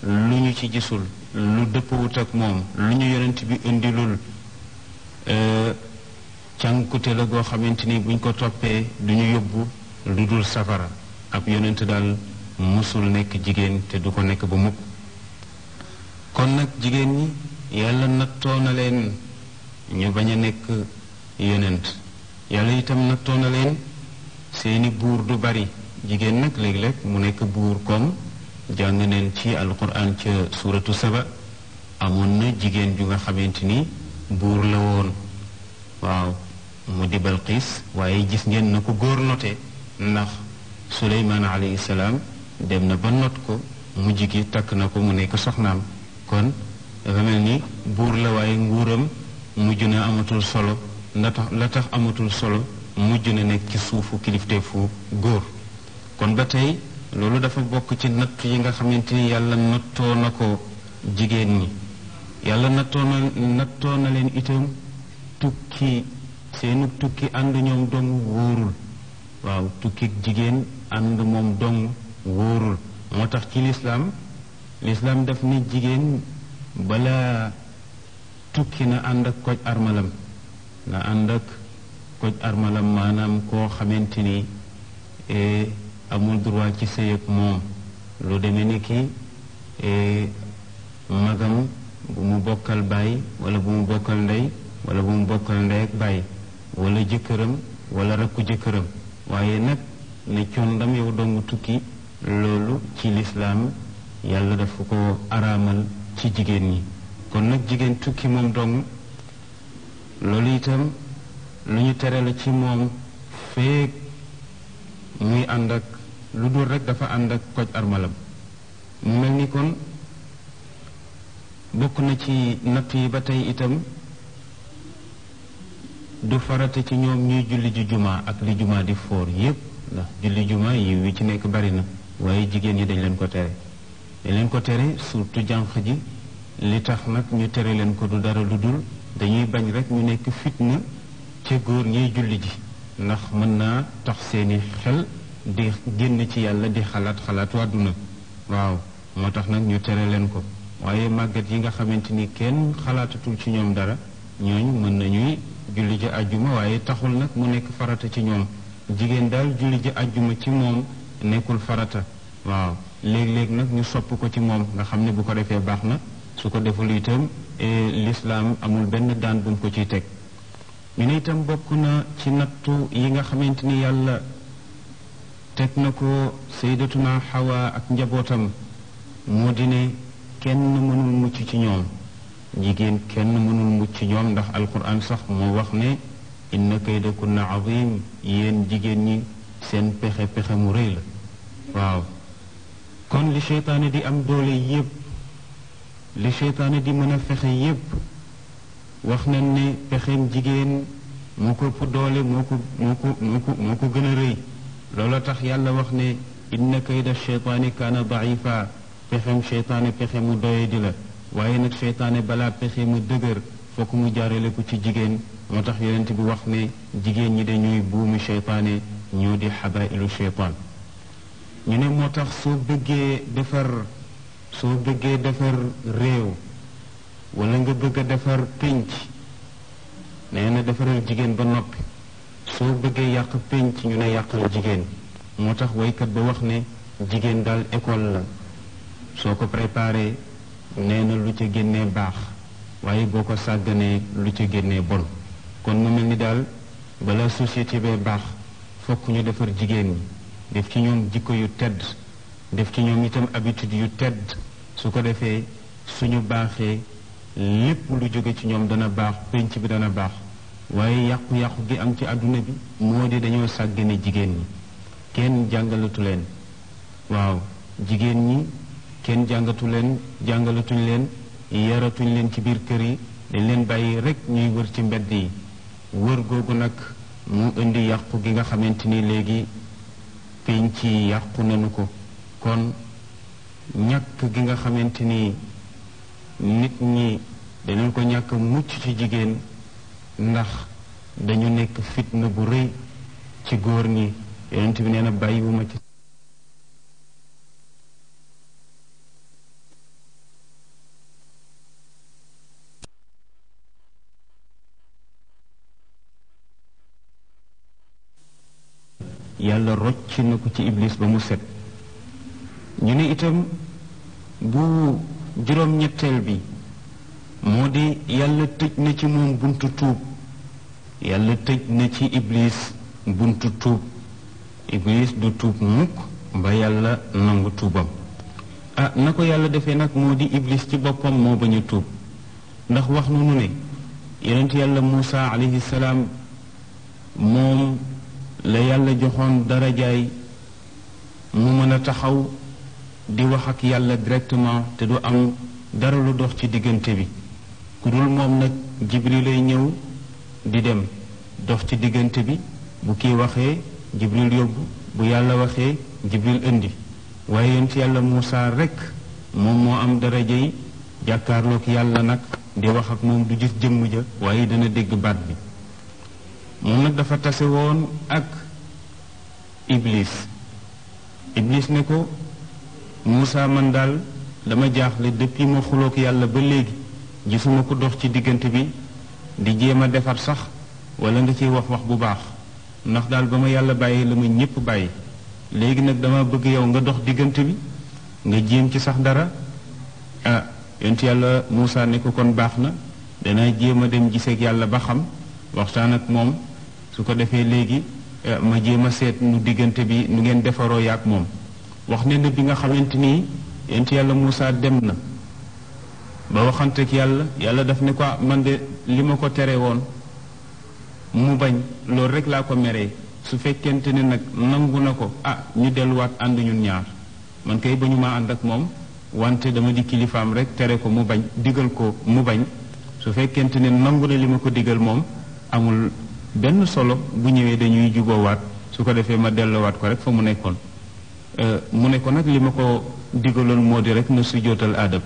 lu ñu ci gisul lu dëppawut ak moom lu ñu yonent bi indilul euh, cànkute la goo xamante ni buñ ko toppee du ñu yóbbu lu dul safara ab yonent daal musul nekk jigéen te du ko nekk bu mukk kon nag jigéen ñi yàlla nattoo na leen ñu bañ a nekk yonent yàlla itam nattoo na leen seeni buur du bari jigéen nag léeg-léeg mu nekk buur kon jàng neen ci alquran ca suuratu saba amoon na jigéen ju nga xamante ni buur la woon waaw mu di Balqiis waaye gis ngeen na ko góor note ndax Suleymaan alayhi salaam dem na ba not ko mujj gi takk na ko mu nekk soxnaam kon dafa ni buur la waaye nguuram mujj na amatul solo la tax amatul solo mujj na nekk ci suufu kilifteefu góor kon ba tey loolu dafa bokk ci natt yi nga xamante ni yàlla nattoo na ko jigéen ñi yàlla nattoo na leen itam tukki seenu tukki ànd ñoom dong wóorul waaw tukki jigéen ànd moom dong wóorul moo tax ci lislaam lislaam daf ni jigéen bala tukki na ànd ak koj armalam na ànd ak koj armalam maanaam koo xamante ni eh, amul droit ci sëy ak moom lu demee ni ki e, magam bu mu bokkal baay wala bu mu bokkal ndey wala bu mu bokkal ndey ak baay wala jëkkëram wala rakku jëkkëram waaye nag ne condam yow dong tukki loolu ci lislaam yàlla dafa ko araamal ci jigéen ñi kon nag jigéen tukki moom dong loolu itam lu ñu tere la ci moom feek muy ànd ak lu dul rek dafa ànd ak koj armalam mu mel ni kon bokk na ci natt yi ba tey itam du farata ci ñoom ñuy julli ji jumaa ak li jumaa di foor yépp ndax julli jumaa yi wi ci nekk bari na waaye jigéen ñi dañ leen ko tere dañ leen ko tere surtout jànq ji li tax nag ñu tere leen ko du dara lu dul dañuy bañ rek ñu nekk fitna ci góor ñiy julli ji ndax mën naa tax seeni xel di génn ci yàlla di xalaat xalaatu àdduna waaw moo tax nag ñu tere leen ko waaye màggat yi nga xamante ni kenn xalaatatul ci ñoom dara ñooñ mën nañuy julli ji àjjuma waaye taxul nag mu nekk farata ci ñoom jigéen daal julli ji àjjuma ci moom nekkul farata waaw léeg-léeg nag ñu sopp ko ci moom nga xam ne bu ko defee baax na su ko deful itam eh, lislaam amul benn daan bu ko ciy teg ñu ne itam bokk na ci nattu yi nga xamante ni yàlla teg na ko saydatuna xawaa ak njabootam moo di ne kenn mënul mucc ci ñoom jigéen kenn mënul mucc ci ñoom ndax alquran sax moo wax ne na inna kaydakunna azim yéen jigéen ñi seen pexe pexe mu rëy la waaw kon li seytaane di am doole yépp li seytaane di mën a fexe yépp wax nañ ne pexe jigéen moo ko ëpp doole moo ko moo ko moo ko moo ko gën a rëy looloo tax yàlla wax ne koy def cheytaani kaana daifa pexem cheytaane pexe mu doye di la waaye nag cheytaane balaa pexe mu dëgër fokk mu jaarele ko ci jigéen moo tax yonent bi wax ne jigéen ñi dañuy buumi cheytaane ñoo di xabailu cheytaan ñu ne moo tax soo bëggee defar soo bëggee defar réew wala nga bëgg a defar pénc nee na defaral jigéen ba noppi soo bëggee yàq penc ñu ne yàqal jigéen moo tax waykat ba wax ne jigéen daal école la soo ko préparé nee na lu ca génnee baax waaye boo ko sàgganee lu ca génnee bon kon mu mel ni daal bala société bee baax fokk ñu defar jigéen ñi def ci ñoom jikko yu tedd def ci ñoom itam habitude yu tedd su ko defee suñu baaxee lépp lu jóge ci ñoom dana baax penc bi dana baax waaye yàqu-yàqu gi am ci àdduna bi moo di dañoo sàggane jigéen ñi kenn jàngalatu leen waaw jigéen ñi kenn jàngatu leen jàngalatuñ leen yaratuñ leen ci biir kër yi dañ leen bàyyi rekk ñuy wër ci mbedd yi wër googu nag mu indi yàqu gi nga xamante ni léegi pénc ci yàqu nañu ko kon ñàkk gi nga xamante ni nit ñi dañu ko ñàkk mucc ci jigéen ndax dañu nekk fitna bu rëy ci góor ñi yonent bi nee na bàyyiwuma ci yàlla rocc na ko ci iblis ba mu set ñu ne itam bu juróom-ñetteel bi moo di yàlla tëj na ci moom buntu tuub yàlla tëj na ci iblis buntu tuub iblis du tuub mukk ba yàlla nangu tuubam a ah, na ko yàlla defee nag moo di iblis ci boppam moo ba a tuub ndax wax na nu ne yonent yàlla Muusa alayhi salaam moom la yàlla joxoon dara jaay mu mën a taxaw di wax ak yàlla directement te du am dara lu dox ci diggante bi ku dul moom nag Jibril lay ñëw di dem dox ci diggante bi bu kii waxee jibril yóbbu bu yàlla waxee jibril indi waaye yonent yàlla Muusaa rekk moom moo am dara yi jàkkaarloog yàlla nag di wax ak moom du gis jëmm ja waaye dana dégg baat bi moom nag dafa tase woon ak ibliis iblis ne ko Muusaa man daal dama jaaxle depuis ma xuloog yàlla ba léegi gisuma ko dox ci diggante bi di jéem a defar sax wala nga ci wax wax bu baax ndax daal ba ma yàlla bàyyi la ma ñëpp bàyyi léegi nag dama bëgg yow nga dox diggante bi nga jéem ci sax dara ah yonent yàlla Moussa ne ko kon baax na danaa jéem a dem giseeg yàlla ba xam waxtaan ak moom su ko defee léegi eh, ma jéem a seet nu diggante bi nu ngeen defaroo ak moom wax ne na bi nga xamante nii yonent yàlla Moussa dem na ba waxanteeg yàlla yàlla daf ne ko ah, man de li ma ko tere woon mu bañ loolu rek laa ko meree su fekkent ne nag nangu na ko ah ñu delluwaat ànd ñun ñaar man kay ba ñu ànd ak moom wante dama di kilifaam rek tere ko mu bañ digal ko mu bañ su fekkente ne nangu na li ma ko digal moom amul benn solo bu ñëwee dañuy juboowaat su ko defee ma delluwaat ko rek fa mu nekkoon euh, mu ne ko nag li ma ko digaloon moo di rek na jootal aadam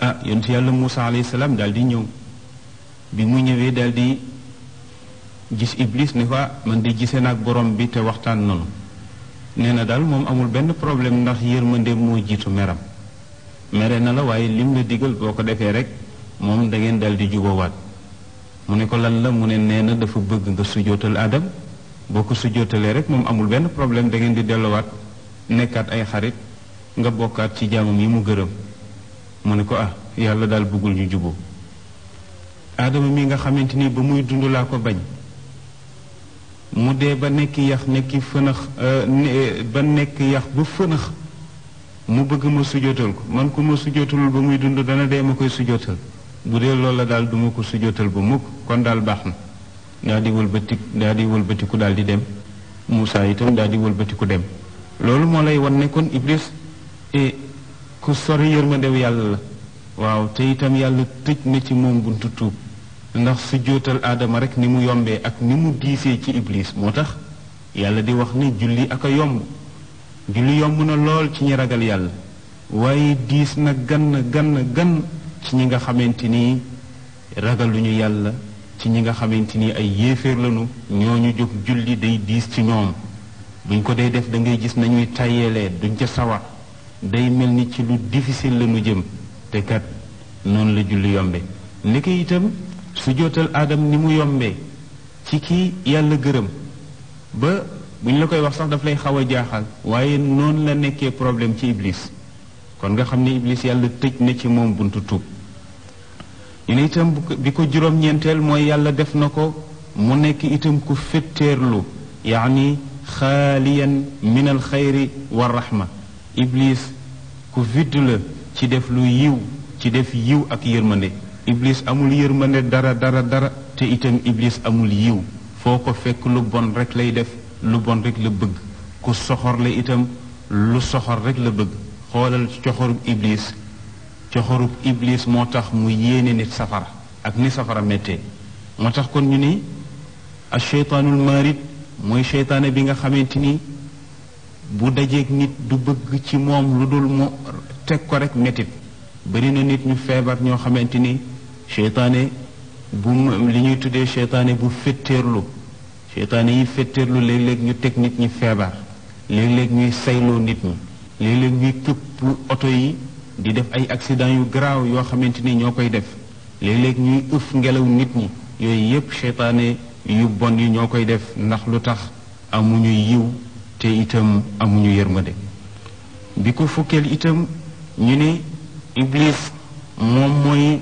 ah yontu yàlla Moussa alayhi salaam daal di ñëw bi mu ñëwee dal di gis Iblis ne fa man di gisee naag borom bi te waxtaan noonu nee na daal moom amul benn problème ndax yërmande moo jiitu meram mere na la waaye lim la digal boo ko defee rek moom dangeen ngeen daal di jubawaat mu ne ko lan la mu ne nee na dafa bëgg nga sujootal Adam boo ko sujootalee rek moom amul benn problème da ngeen di delluwaat nekkaat ay xarit nga bokkaat ci jaamam yi mu gërëm. mu ne ko ah yàlla daal bëggul ñu juboo aadama mi nga xamante ni ba muy dund laa ko bañ mu dee ba nekk yax nekki fënax euh, ba nekk yax bu fënax mu bëgg ma sujootal ko man ko ma sujootalul ba muy dund dana dee ma koy sujootal bu dee loolu la daal duma ko sujootal ba mukk kon daal baax na daa di wëlbati daa daal di dem Moussa itam daa di wëlbatiku dem loolu moo lay wan ne kon eh, ku sori yërmandew yàlla la waaw te itam yàlla tëj na ci moom buntu tuub ndax su jootal aadama rek ni mu yombee ak ni mu diisee ci iblis moo tax yàlla di wax ni julli ak a yomb julli yomb na lool ci ñi ragal yàlla waaye diis na gan gann gann ci ñi nga xamante ni ragaluñu yàlla ci ñi nga xamante ni ay yéeféer lañu ñooñu jóg julli day diis ci ñoom buñ ko dee def da gis nañuy tàyyeelee duñ ca sawar day mel ni ci lu difficile la nu jëm te kat noonu la julli yombe niki itam su jootal aadam ni mu yombe ci kii yàlla gërëm ba bu ñu la koy wax sax daf lay xaw a jaaxal waaye noonu la nekkee problème ci iblis kon nga xam ne iblis yàlla tëj na ci moom buntu tuub ñu ne itam bi ko juróom-ñeenteel mooy yàlla def na ko mu nekk itam ku féttéerlu yaani xaaliyan min al xayri wa iblis ku viddu la ci def lu yiw ci def yiw ak yërmande iblis amul yërmande dara dara dara te itam ibliis amul yiw foo ko fekk lu bon rekk lay def lu bon rek la bëgg ku soxor la itam lu soxor rek la bëgg xoolal coxorub iblis coxorub iblis moo tax mu yéene nit safara ak ni safara méttee moo tax kon ñu ni a cheytaanul marid mooy cheytaane bi nga xamante ni bu dajeeg nit du bëgg ci moom lu dul mu teg ko rek metit bari na nit ñu feebar ñoo xamante ni seytaane bu li ñuy tuddee seytaane bu féttéerlu seytaane yi féttéerlu léeg-léeg ñu teg nit ñi feebar léeg-léeg ñuy sayloo nit ñi léeg-léeg ñuy këpp oto yi di def ay accident yu garaaw yoo xamante ni ñoo koy def léeg-léeg ñuy ëf ngelaw nit ñi yooyu yépp seytaane yu bon yi ñoo koy def ndax lu tax amuñu yiw te itam amuñu yërmande bi ko fukkeel itam ñu ne iblis moom mooy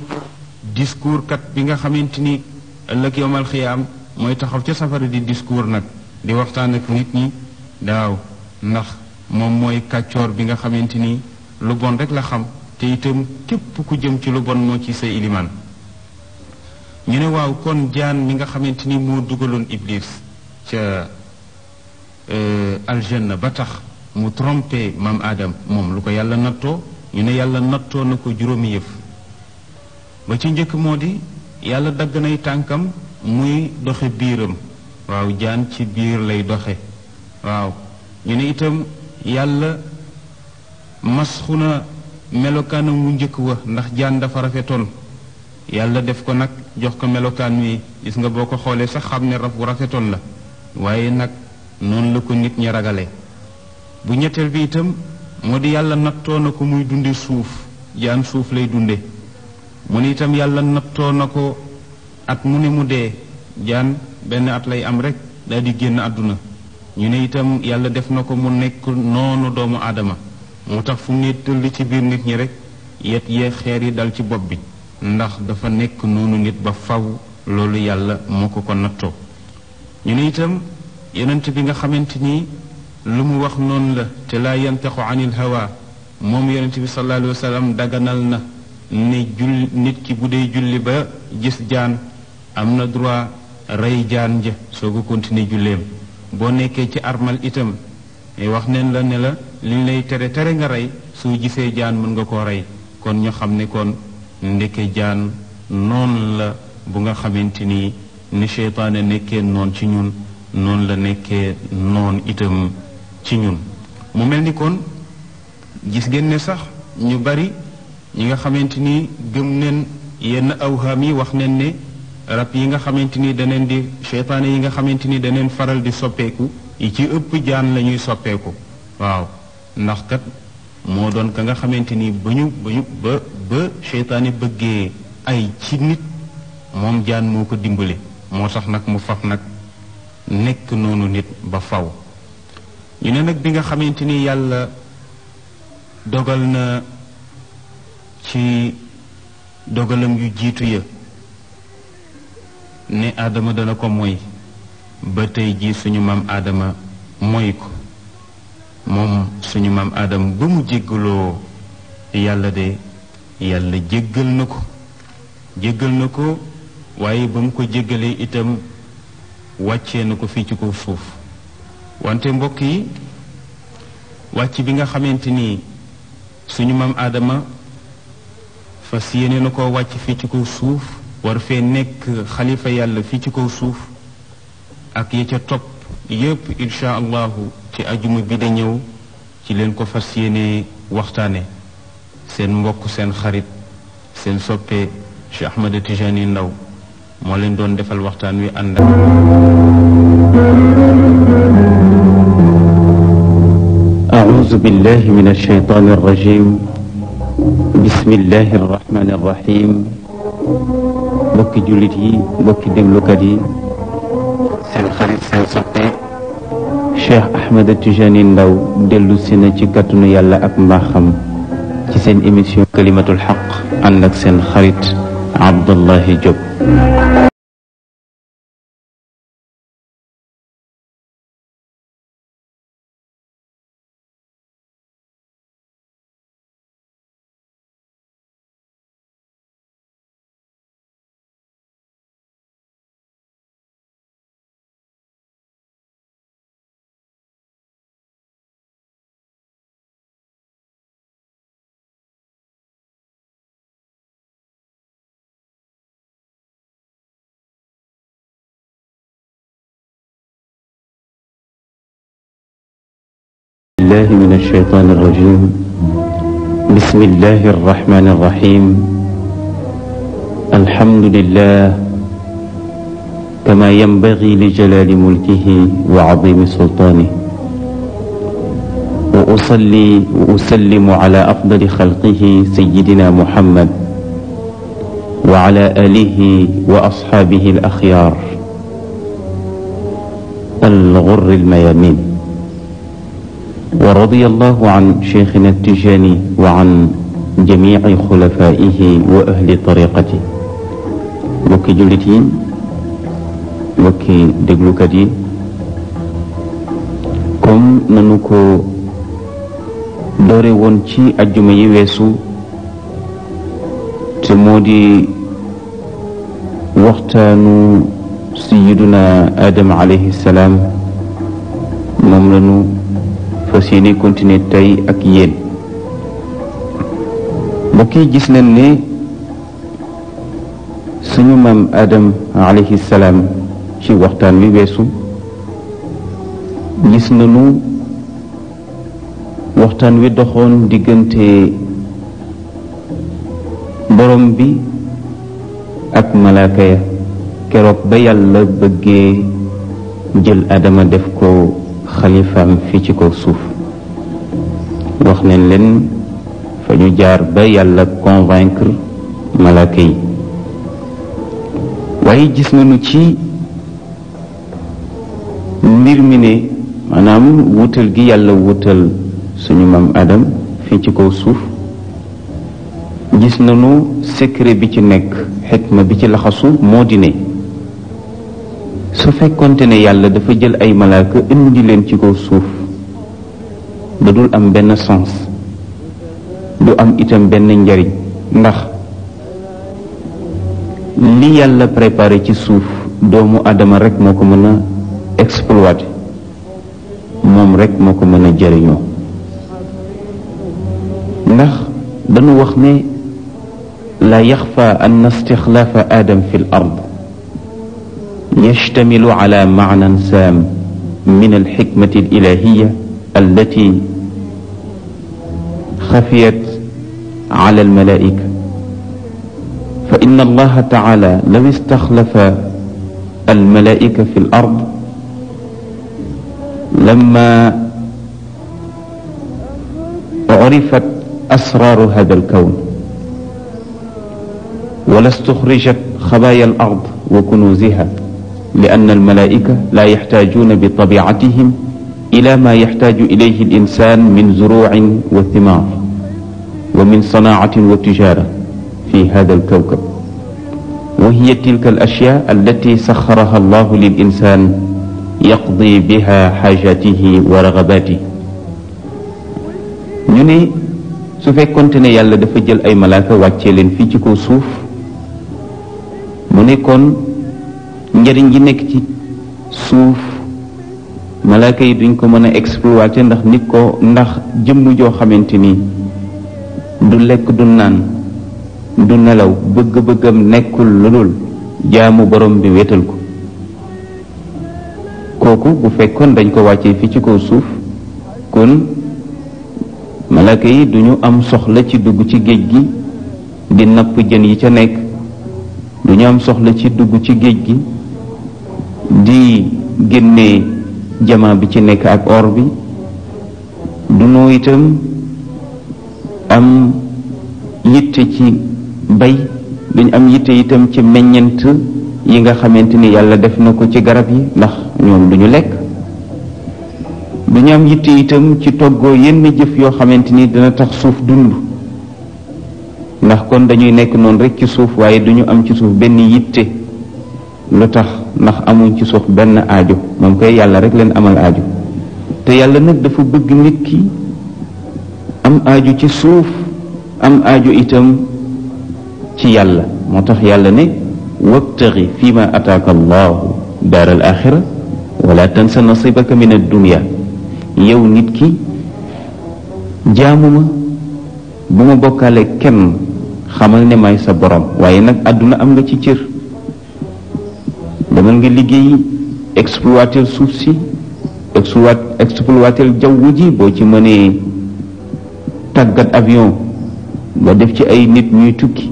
discours kat bi nga xamante ni ëllëg yowmal xiyaam mooy taxaw ca safara di discours nag di waxtaan ak nit ñi daaw ndax moom mooy kàccoor bi nga xamante ni lu bon rek la xam te itam képp ku jëm ci lu bon moo ci sa ilimaan ñu ne waaw kon jaan mi nga xamante ni moo dugaloon iblis ca Euh, aljanna ba tax mu trompé maam aadam moom lu ko yàlla nattoo ñu ne yàlla nattoo na ko juróomi yëf ba ci njëkk moo di yàlla dagg nay tànkam muy doxe biiram waaw jaan ci biir lay doxe waaw ñu ne itam yàlla masxu na melokaanam wu njëkk wa ndax jaan dafa rafetoon yàlla def ko nag jox ko melokaan wi gis nga boo ko xoolee sax xam ne rafetoon la waaye nag noonu la ko nit ñi ragale bu ñetteel bi itam moo di yàlla nattoo na ko muy dunde suuf jaan suuf lay dunde mu ne itam yàlla nattoo na ko at mu ne mu dee jaan benn at lay am rekk dal di génn àdduna ñu ne itam yàlla def na ko mu nekk noonu doomu aadama moo tax fu mu ne tëll ci biir nit ñi rekk yet yee xeer yi dal ci bopp bi ndax dafa nekk noonu nit ba faw loolu yàlla moo ko ko nattoo ñu ne itam yonent bi nga xamante ni lu mu wax noonu la te laa yantaxu anil hawa moom yonent bi sallallahu alayhi wa sallam daganal na ni jul nit ki bu dee julli ba gis jaan am na droit rey jaan ja soo ko continuer julleem boo nekkee ci armal itam eh, wax neen la ne la liñ lay tere tere nga rey su gisee jaan mën nga koo rey kon ñoo xam ne kon ndeke jaan noonu la bu nga xamante ni ni seytaane nekkee noon ci ñun noonu la nekkee noon itam ci ñun mu mel ni kon gis ngeen ne sax ñu bari ñi nga xamante ni gëm neen yenn awham yi wax neen ne rab yi nga xamante ni daneen di seytaane yi nga xamante ni daneen faral di soppeeku yi ci ëpp jaan la ñuy soppeeku waaw ndax kat moo doon ka nga xamante ni ba ñu ba ñu ba ba seytaane bëggee ay ci nit moom jaan moo ko dimbale moo tax nag mu faf nag nekk noonu nit ba faw ñu ne nag bi nga xamante ni yàlla dogal na ci dogalam yu jiitu ya ne aadama dana ko moy ba tey jii suñu maam aadama moy ko moom suñu maam aadama ba mu jéggaloo yàlla de yàlla jéggal na ko jéggal na ko waaye ba mu ko jéggalee itam wàcce na ko fii ci kaw suuf wante mbokk yi wàcc bi nga xamante ni suñu maam aadama fas yéene na ko wàcc fii ci kaw suuf war fee nekk xalifa yàlla fii ci kaw suuf ak ya ca topp yépp insha allahu ci ajuma bi da ñëw ci leen ko fas yéene waxtaane seen mbokk seen xarit seen soppe Cheikh Ahmed Tijani ndaw moo leen doon defal waxtaan wi ànd ak أعوذ بالله من الشيطان الرجيم بسم الله الرحمن الرحيم mbokki jullit yi mbokki déglukat yi seen xarit seen soppe Cheikh Ahmed Tidiane Ndao dellu si na ci kàttanu yàlla ak mbaaxam ci seen émission kalimatul xaq ànd ak seen xarit Abdullahi Diop Thank you. بالله من الشيطان الرجيم بسم الله الرحمن الرحيم الحمد لله كما ينبغي لجلال ملكه وعظيم سلطانه وأصلي وأسلم على أفضل خلقه سيدنا محمد وعلى آله وأصحابه الأخيار الغر الميامين ورضي الله عن شيخنا التجاني وعن جميع خلفائه وأهل طريقته mbokki jullit yi mbokki déglukat yi comme nanu ko doore woon ci ajjuma yi weesu te moo di waxtaanu sayiduna Adam alayhi salaam moom lanu fas yéene tey ak yéen mbokk yi gis na ne suñu maam Adam alayhi salaam ci waxtaan wi weesu gis na nañu waxtaan wi doxoon diggante borom bi ak malaaka ya keroog ba yàlla bëggee jël Adama def ko xalifaam fii ci kaw suuf wax nañ leen fa ñu jaar ba yàlla convaincre malaaka yi waaye gis nañu ci mbir mi ne maanaam wutal gi yàlla wutal suñu maam aadam fii ci kaw suuf gis na nu secret bi ci nekk xikma bi ci laxasu moo di ne su fekkonte ne yàlla dafa jël ay malaaka indi leen ci kaw suuf da dul am benn sens du am itam benn njariñ ndax li yàlla préparé ci suuf doomu aadama rek moo ko mën a exploité moom rek moo ko mën a jariñoo ndax dañu wax ne la yaxfa an istixlaafa aadam fi l ard yashtamilu ala saam min alxikmati alilahiya allati xafiyat ala almalaika fa inna allaha taala law istaxlafa almalaika fi l ard lama urifat asraru hada alkawn wala stuxrijat xabaaya al ard wa kunuziha li anna almalaika la yaxtaajuuna bi tabiatihim ila ma yaxtaaju ilayhi al insan min zurucin wa thimar wa min sanaatin wa tijara fi hada al kawkab wa hiya tilka al ashya allati saxaraha allahu lil insan yaqdi biha xaajatihi wa ragabatihi ñu ne su fekkonte ne yàlla dafa jël ay malaaka wàccee leen fii ci kaw suuf mu nekkoon njëriñ ji nekk ci suuf malaaka yi duñ ko mën a exploiter ndax nit ko ndax jëmm joo xamante ni du lekk du naan du nelaw bëgg-bëggam nekkul lu dul jaamu borom bi wéetal ko kooku bu fekkoon dañ ko wàccee fi ci kaw suuf kon malaaka yi duñu am soxla ci dugg ci géej gi di napp jën yi ca nekk duñu am soxla ci dugg ci géej gi di génnee jamaa bi ci nekk ak or bi du noo itam am yitte ci bay duñ am yitte itam ci meññent yi nga xamante ni yàlla def na ko ci garab yi ndax ñoom duñu lekk duñu am yitte itam ci toggoo yenn jëf yoo xamante ni dina tax suuf dund ndax kon dañuy nekk noonu rekk ci suuf waaye duñu am ci suuf benn yitte lu tax ndax amuñ ci suuf benn aajo moom kay yàlla rek leen amal ajo te yàlla nag dafa bëgg nit ki am aajo ci suuf am ajo itam ci yàlla moo tax yàlla ne wabtaxi fi ma ataaka allahu daar al axira sa tansa nasibaka min addunia yow nit ki jaamu ma bu ma bokkaale kenn xamal ne may sa borom waaye nag àdduna am nga ci cër mën liggéey exploiter suuf si exploiter jaww ji boo ci mënee tàggat avion nga def ci ay nit ñuy tukki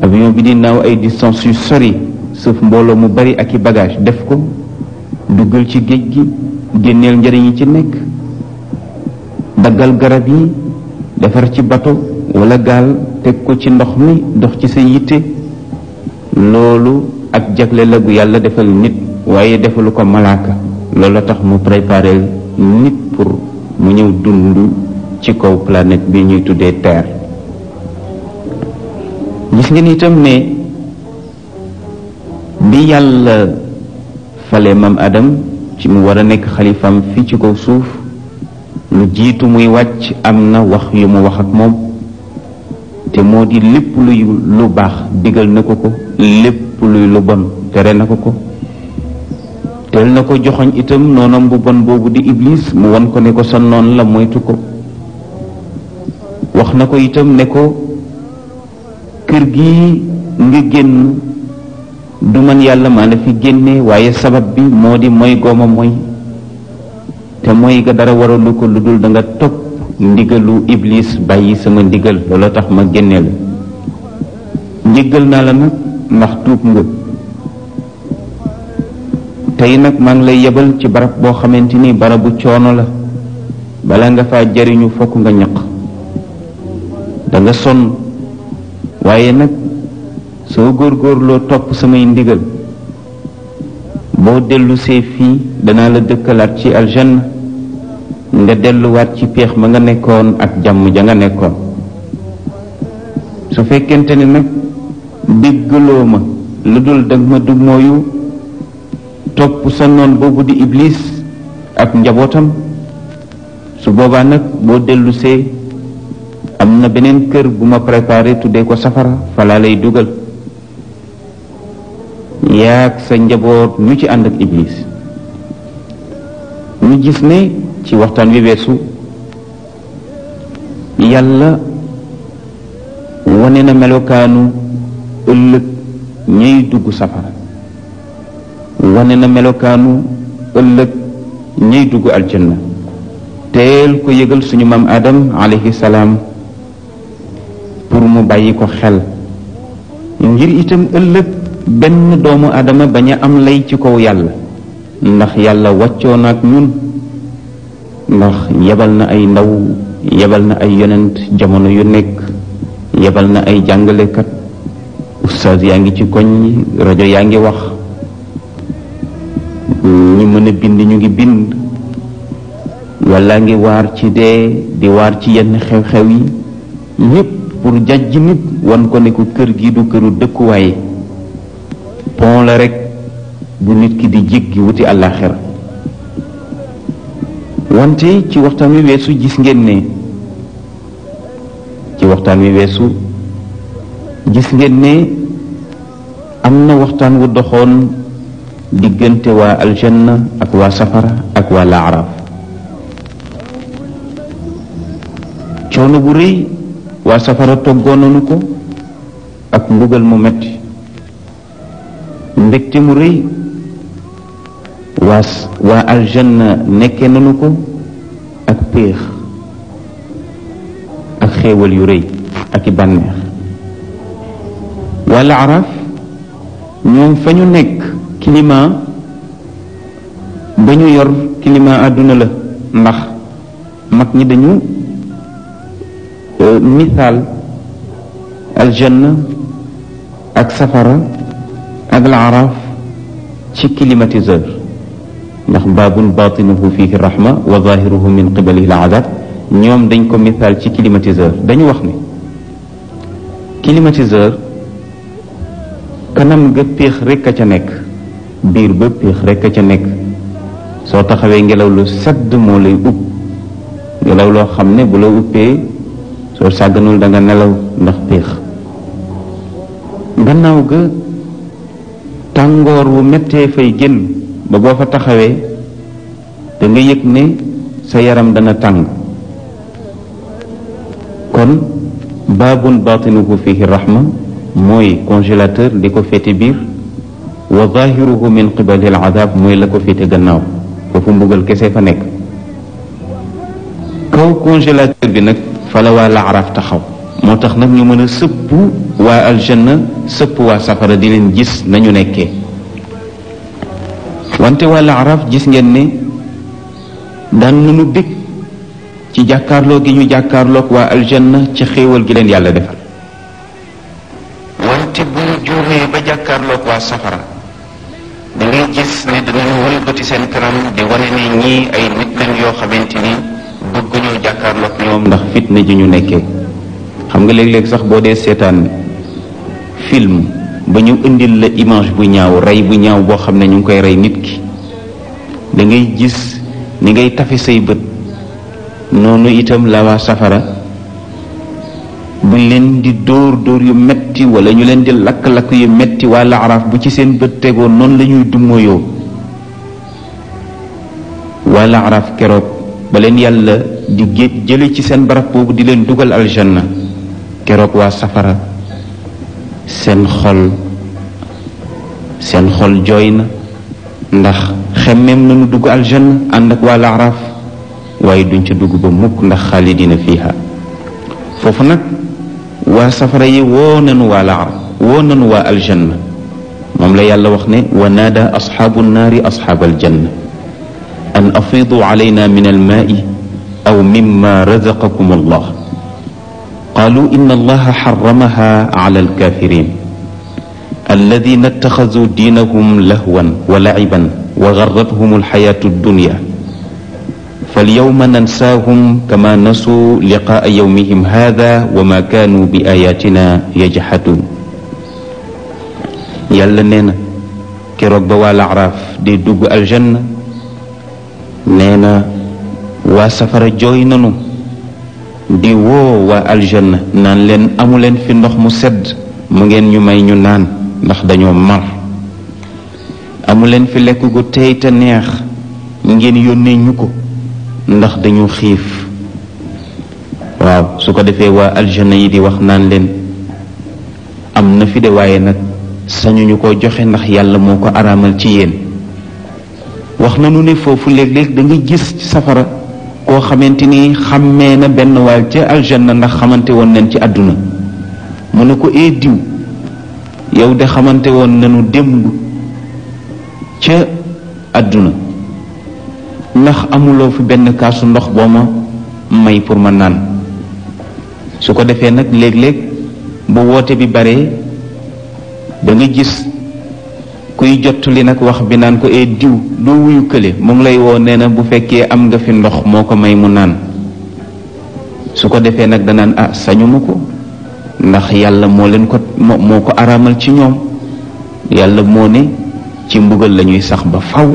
avion bi di naaw ay distance yu sori sëf mbooloo mu bari ak i bagage def ko duggal ci géej gi génneel njëriñ yi ci nekk daggal garab yi defar ci bato wala gaal teg ko ci ndox mi dox ci sa yitte loolu ak jagle la gu yàlla defal nit waaye defalu ko malaaka loola tax mu préparé nit pour mu ñëw dund ci kaw planète bi ñuy tuddee terre gis ngeen itam ne bi yàlla fale maam Adam ci mu war a nekk xalifam fii ci kaw suuf lu jiitu muy wàcc am na wax yu mu wax ak moom te moo di lépp lu baax digal na ko ko lépp lépp lu bon tere na ko ko teel na ko joxoñ itam noonam bu bon boobu di iblis mu won ko ne ko sa noon la moytu ko wax na ko itam ne ko kër gi nga génn du man yàlla maa la fi génne waaye sabab bi moo di mooy gooma mooy te mooy nga dara waralu ko lu dul da nga topp ndigalu iblis bàyyi sama ndigal looloo tax ma génne la njëggal naa la nag ndax tuub nga tey nag maa ngi lay yebal ci barab boo xamante ni barabu coono la bala nga fa jariñu fokk nga ñaq danga sonn waaye nag soo góor góorloo topp samay ndigal boo dellusee fii danaa la dëkkalaat ci aljanna nga delluwaat ci peex ma nga nekkoon ak jàmm ja nga nekkoon su fekkente ni nag déggaloo ma lu dul dag ma dug mooyu topp sa noon boobu di iblis ak njabootam su boobaa nag boo dellusee am na beneen kër bu ma préparé tuddee ko safara falaa lay dugal yaag sa njaboot ñu ci ànd ak iblis ñu gis ne ci waxtaan wi weesu yàlla wane na melokaanu ëllëg ñay dugg safara wane na melokaanu ëllëg ñay dugg aljanna teel ko yëgal suñu maam aadam alayhi salaam pour mu bàyyi ko xel ngir itam ëllëg benn doomu Adama bañ a am lay ci kaw yàlla ndax yàlla wàccoo na ak ñun ndax yebal na ay ndaw yebal na ay yonent jamono yu nekk yebal na ay jàngalekat oustaz yaa ngi ci koñ rajo yaa ngi wax ñu mën a bind ñu ngi bind walla ngi waar ci dee di waar ci yenn xew-xew yi ñépp pour jajj nit wan ko ne ko kër gi du këru dëkkuwaay pont la rekk bu nit ki di jéggi wuti àllaaxira wante ci waxtaan wi weesu gis ngeen ci waxtaan wi weesu gis ngeen am na waxtaan wu doxoon diggante waa aljanna ak waa safara ak waa laaraaf coono bu rëy waa safara toggoon nañu ko ak mbugal mu metti mbégte mu rëy waa waa aljanna nekkee nañu ko ak péex ak xéewal yu rëy ak i bànneex waa laaraaf ñoom fa nekk climat ba ñu yor climat àdduna la ndax mag ñi dañu euh, misaal aljanna ak safara ak laaraaf ci climatiseur ndax baabun baatinuhu fihi rahma wa zahiruhu min qibalihi aladab ñoom dañ ko misaal ci climatiseur dañu wax ni kanam ga péex rekk a ca nekk biir ba péex rekk a ca nekk soo taxawee ngelaw lu sedd moo lay upp ngelaw loo xam ne bu la uppee soo sàgganul danga nelaw ndax péex gannaaw ga tàngoor wu mettee fay génn ba boo fa taxawee da nga yëg ne sa yaram dana tàng kon baabun baatinuhu fihi rahma mooy congélateur li ko féete biir wa zahiruhu min qibali al azab mooy la ko féete gannaaw foofu mbugal kese fa nekk kaw congélateur bi nag fala waa laaraaf taxaw moo tax nag ñu mën a sëpp waa aljanna sëpp waa safara di leen gis nañu nekkee wante waa laaraaf gis ngeen ne daan nañu bég ci jàkkaarloo gi ñu jàkkaarlook waa aljanna ci xéewal gi leen yàlla defal ñoom ndax fitna ji ñu nekkee xam nga léeg-léeg sax boo dee seetaan film ba ñu indil la image bu ñaaw rey bu ñaaw boo xam ne ñu ngi koy rey nit ki da gis ni ngay tafi say bët noonu itam la safara buñ leen di dóor dóor yu metti wala ñu leen di lakk-lakk yu metti waa laaraaf bu ci seen bët tegoo noonu lañuy ñuy dummoyoo waa laaraaf keroog ba yàlla di jële ci seen barab boobu di leen dugal al aljanna keroog waa safara seen xol seen xol jooy na ndax xemmeem nañu dugg aljanna ànd ak waa laaraaf waaye duñ ca dugg ba mukk ndax xaalidina fiiha foofu nag waa safara yi woo nañu waa laaraaf woo nañu waa al aljanna moom la yàlla wax ne wa naada asxaabu nnaari asxaab aljanna an afiidu alayna min almaai أو مما رزقكم الله قالوا إن الله حرمها على الكافرين الذين اتخذوا دينهم لهوا ولعبا وغرتهم الحياة الدنيا فاليوم ننساهم كما نسوا لقاء يومهم هذا وما كانوا بآياتنا يجحدون yàlla nee na keroog ba waa laaraaf di dugg aljanna nee na waa safara jooy nanu di woo waa aljanna naan leen amuleen fi ndox mu sedd mu ngeen ñu may ñu naan ndax dañoo mar amuleen fi lekk gu tey te neex ngeen yónnee ñu ko ndax dañu xiif waaw su ko defee waa aljanna yi di wax naan leen am na fi de waaye nag sañuñu ko joxe ndax yàlla moo ko araamal ci yéen wax nanu ne foofu léeg-léeg da gis ci safara koo xamante ni xàmmee na benn waay ca aljanna ndax xamante woon nañ ci àdduna mu ne ko ee eh, diw yow de xamante woon nañu démb ca àdduna ndax amuloo fi benn kaasu ndox boo ma may pour ma naan su ko defee nag léeg-léeg bu woote bi baree da gis kuy jottali nag wax bi naan ko ee diw doo wuyu kële mu ngi lay woo nee na bu fekkee am nga fi ndox moo ko may mu naan su ko defee nag danaan ah sañuma ko ndax yàlla moo leen ko moo ko araamal ci ñoom yàlla moo ne ci mbugal lañuy sax ba faw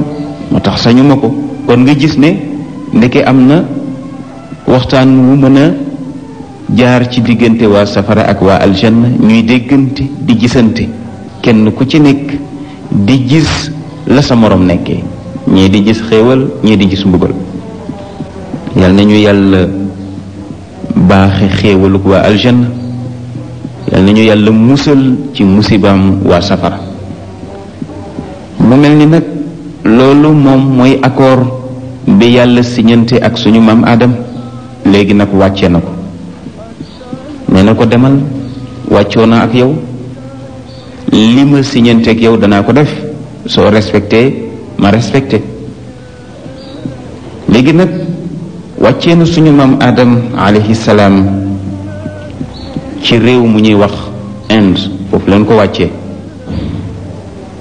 moo tax sañuma ko kon nga gis ne ndeke am na waxtaan wu mën a jaar ci diggante waa safara ak waa aljanna ñuy déggante di gisante kenn ku ci nekk di gis la sa morom nekkee ñii di gis xéewal ñii di gis mbugal yal nañu yàlla baaxe xéewaluk waa aljanna yal nañu yàlla musal ci musibam waa safara mu mel ni nag loolu moom mooy accord bi yàlla siñante ak suñu maam aadam léegi nag wàcce na ko nee na ko demal wàccoo na ak yow li ma siñanteeg yow danaa ko def soo respecté ma respecté léegi nag wàccee na suñu maam Adam alayhi salaam ci réew mu ñuy wax Inde foofu leen ko wàccee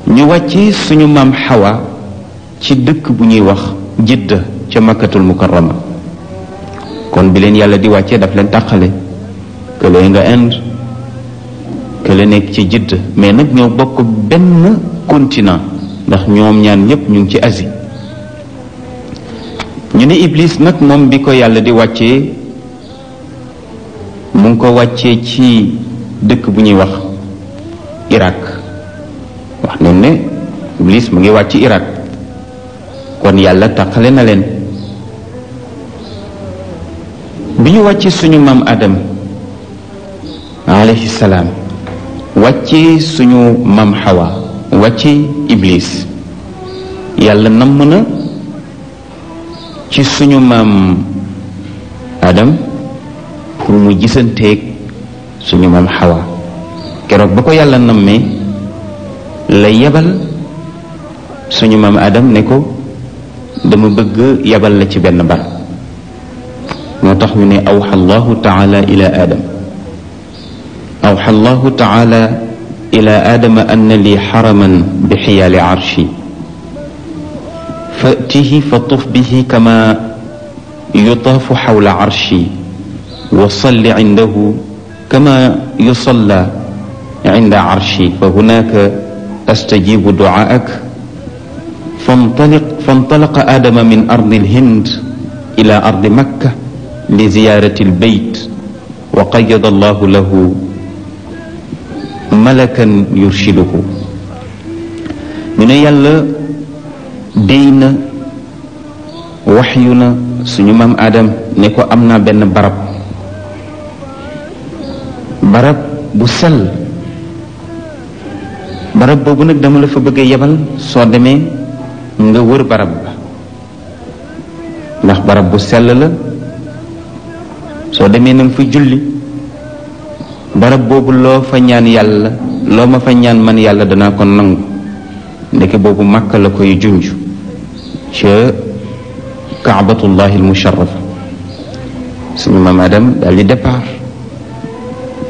ñu wàccee suñu maam Hawa ci dëkk bu ñuy wax Jidda ca makkatul mukarrama kon bi leen yàlla di wàccee daf leen tàqale këlee nga Inde kële nekk ci jidd mais nag ñoo bokk benn continent ndax ñoom ñaan ñëpp ñu ngi ci Asie ñu ni Iblis nag moom bi ko yàlla di wàccee mu ngi ko wàccee ci dëkk bu ñuy wax Irak wax nañ ne Iblis mu ngi wàcc Irak kon yàlla taqale na leen bi ñu wàccee suñu maam aadam alayhi salaam wàcce suñu maam xawa wàcce ibliis yàlla namm na ci suñu maam aadam pour mu gisanteeg suñu maam xawa keroog ba ko yàlla nammee la yebal suñu maam adam ne ko dama bëgg yebal la ci benn barab moo tax mu ne awxa allahu taala ila adam awxa allahu taala ila aadama anna li xaraman bi xiyaali arshi fatihi fa tuf bihi kama yutaafu xawla arshi wa salli cindahu kama yusalla cinda arshi fa hunaka astajibu ducaak فانطلق آدم من أرض الهند إلى أرض مكة لزيارة البيت وقيض الله له malakan yurshiduhu ñu ne yàlla déy na waxyu na suñu maam aadam ne ko am naa benn barab barab bu sell barab boobu nag dama la fa bëgg a yebal soo demee nga wër barab ba ndax barab bu sell la soo demee na nga julli barab boobu loo fa ñaan yàlla loo ma fa ñaan man yàlla dana ko nangu ndeke boobu màkka la koy junj ca kaabatullahi almusharrafa suñu maam Adam daal di départ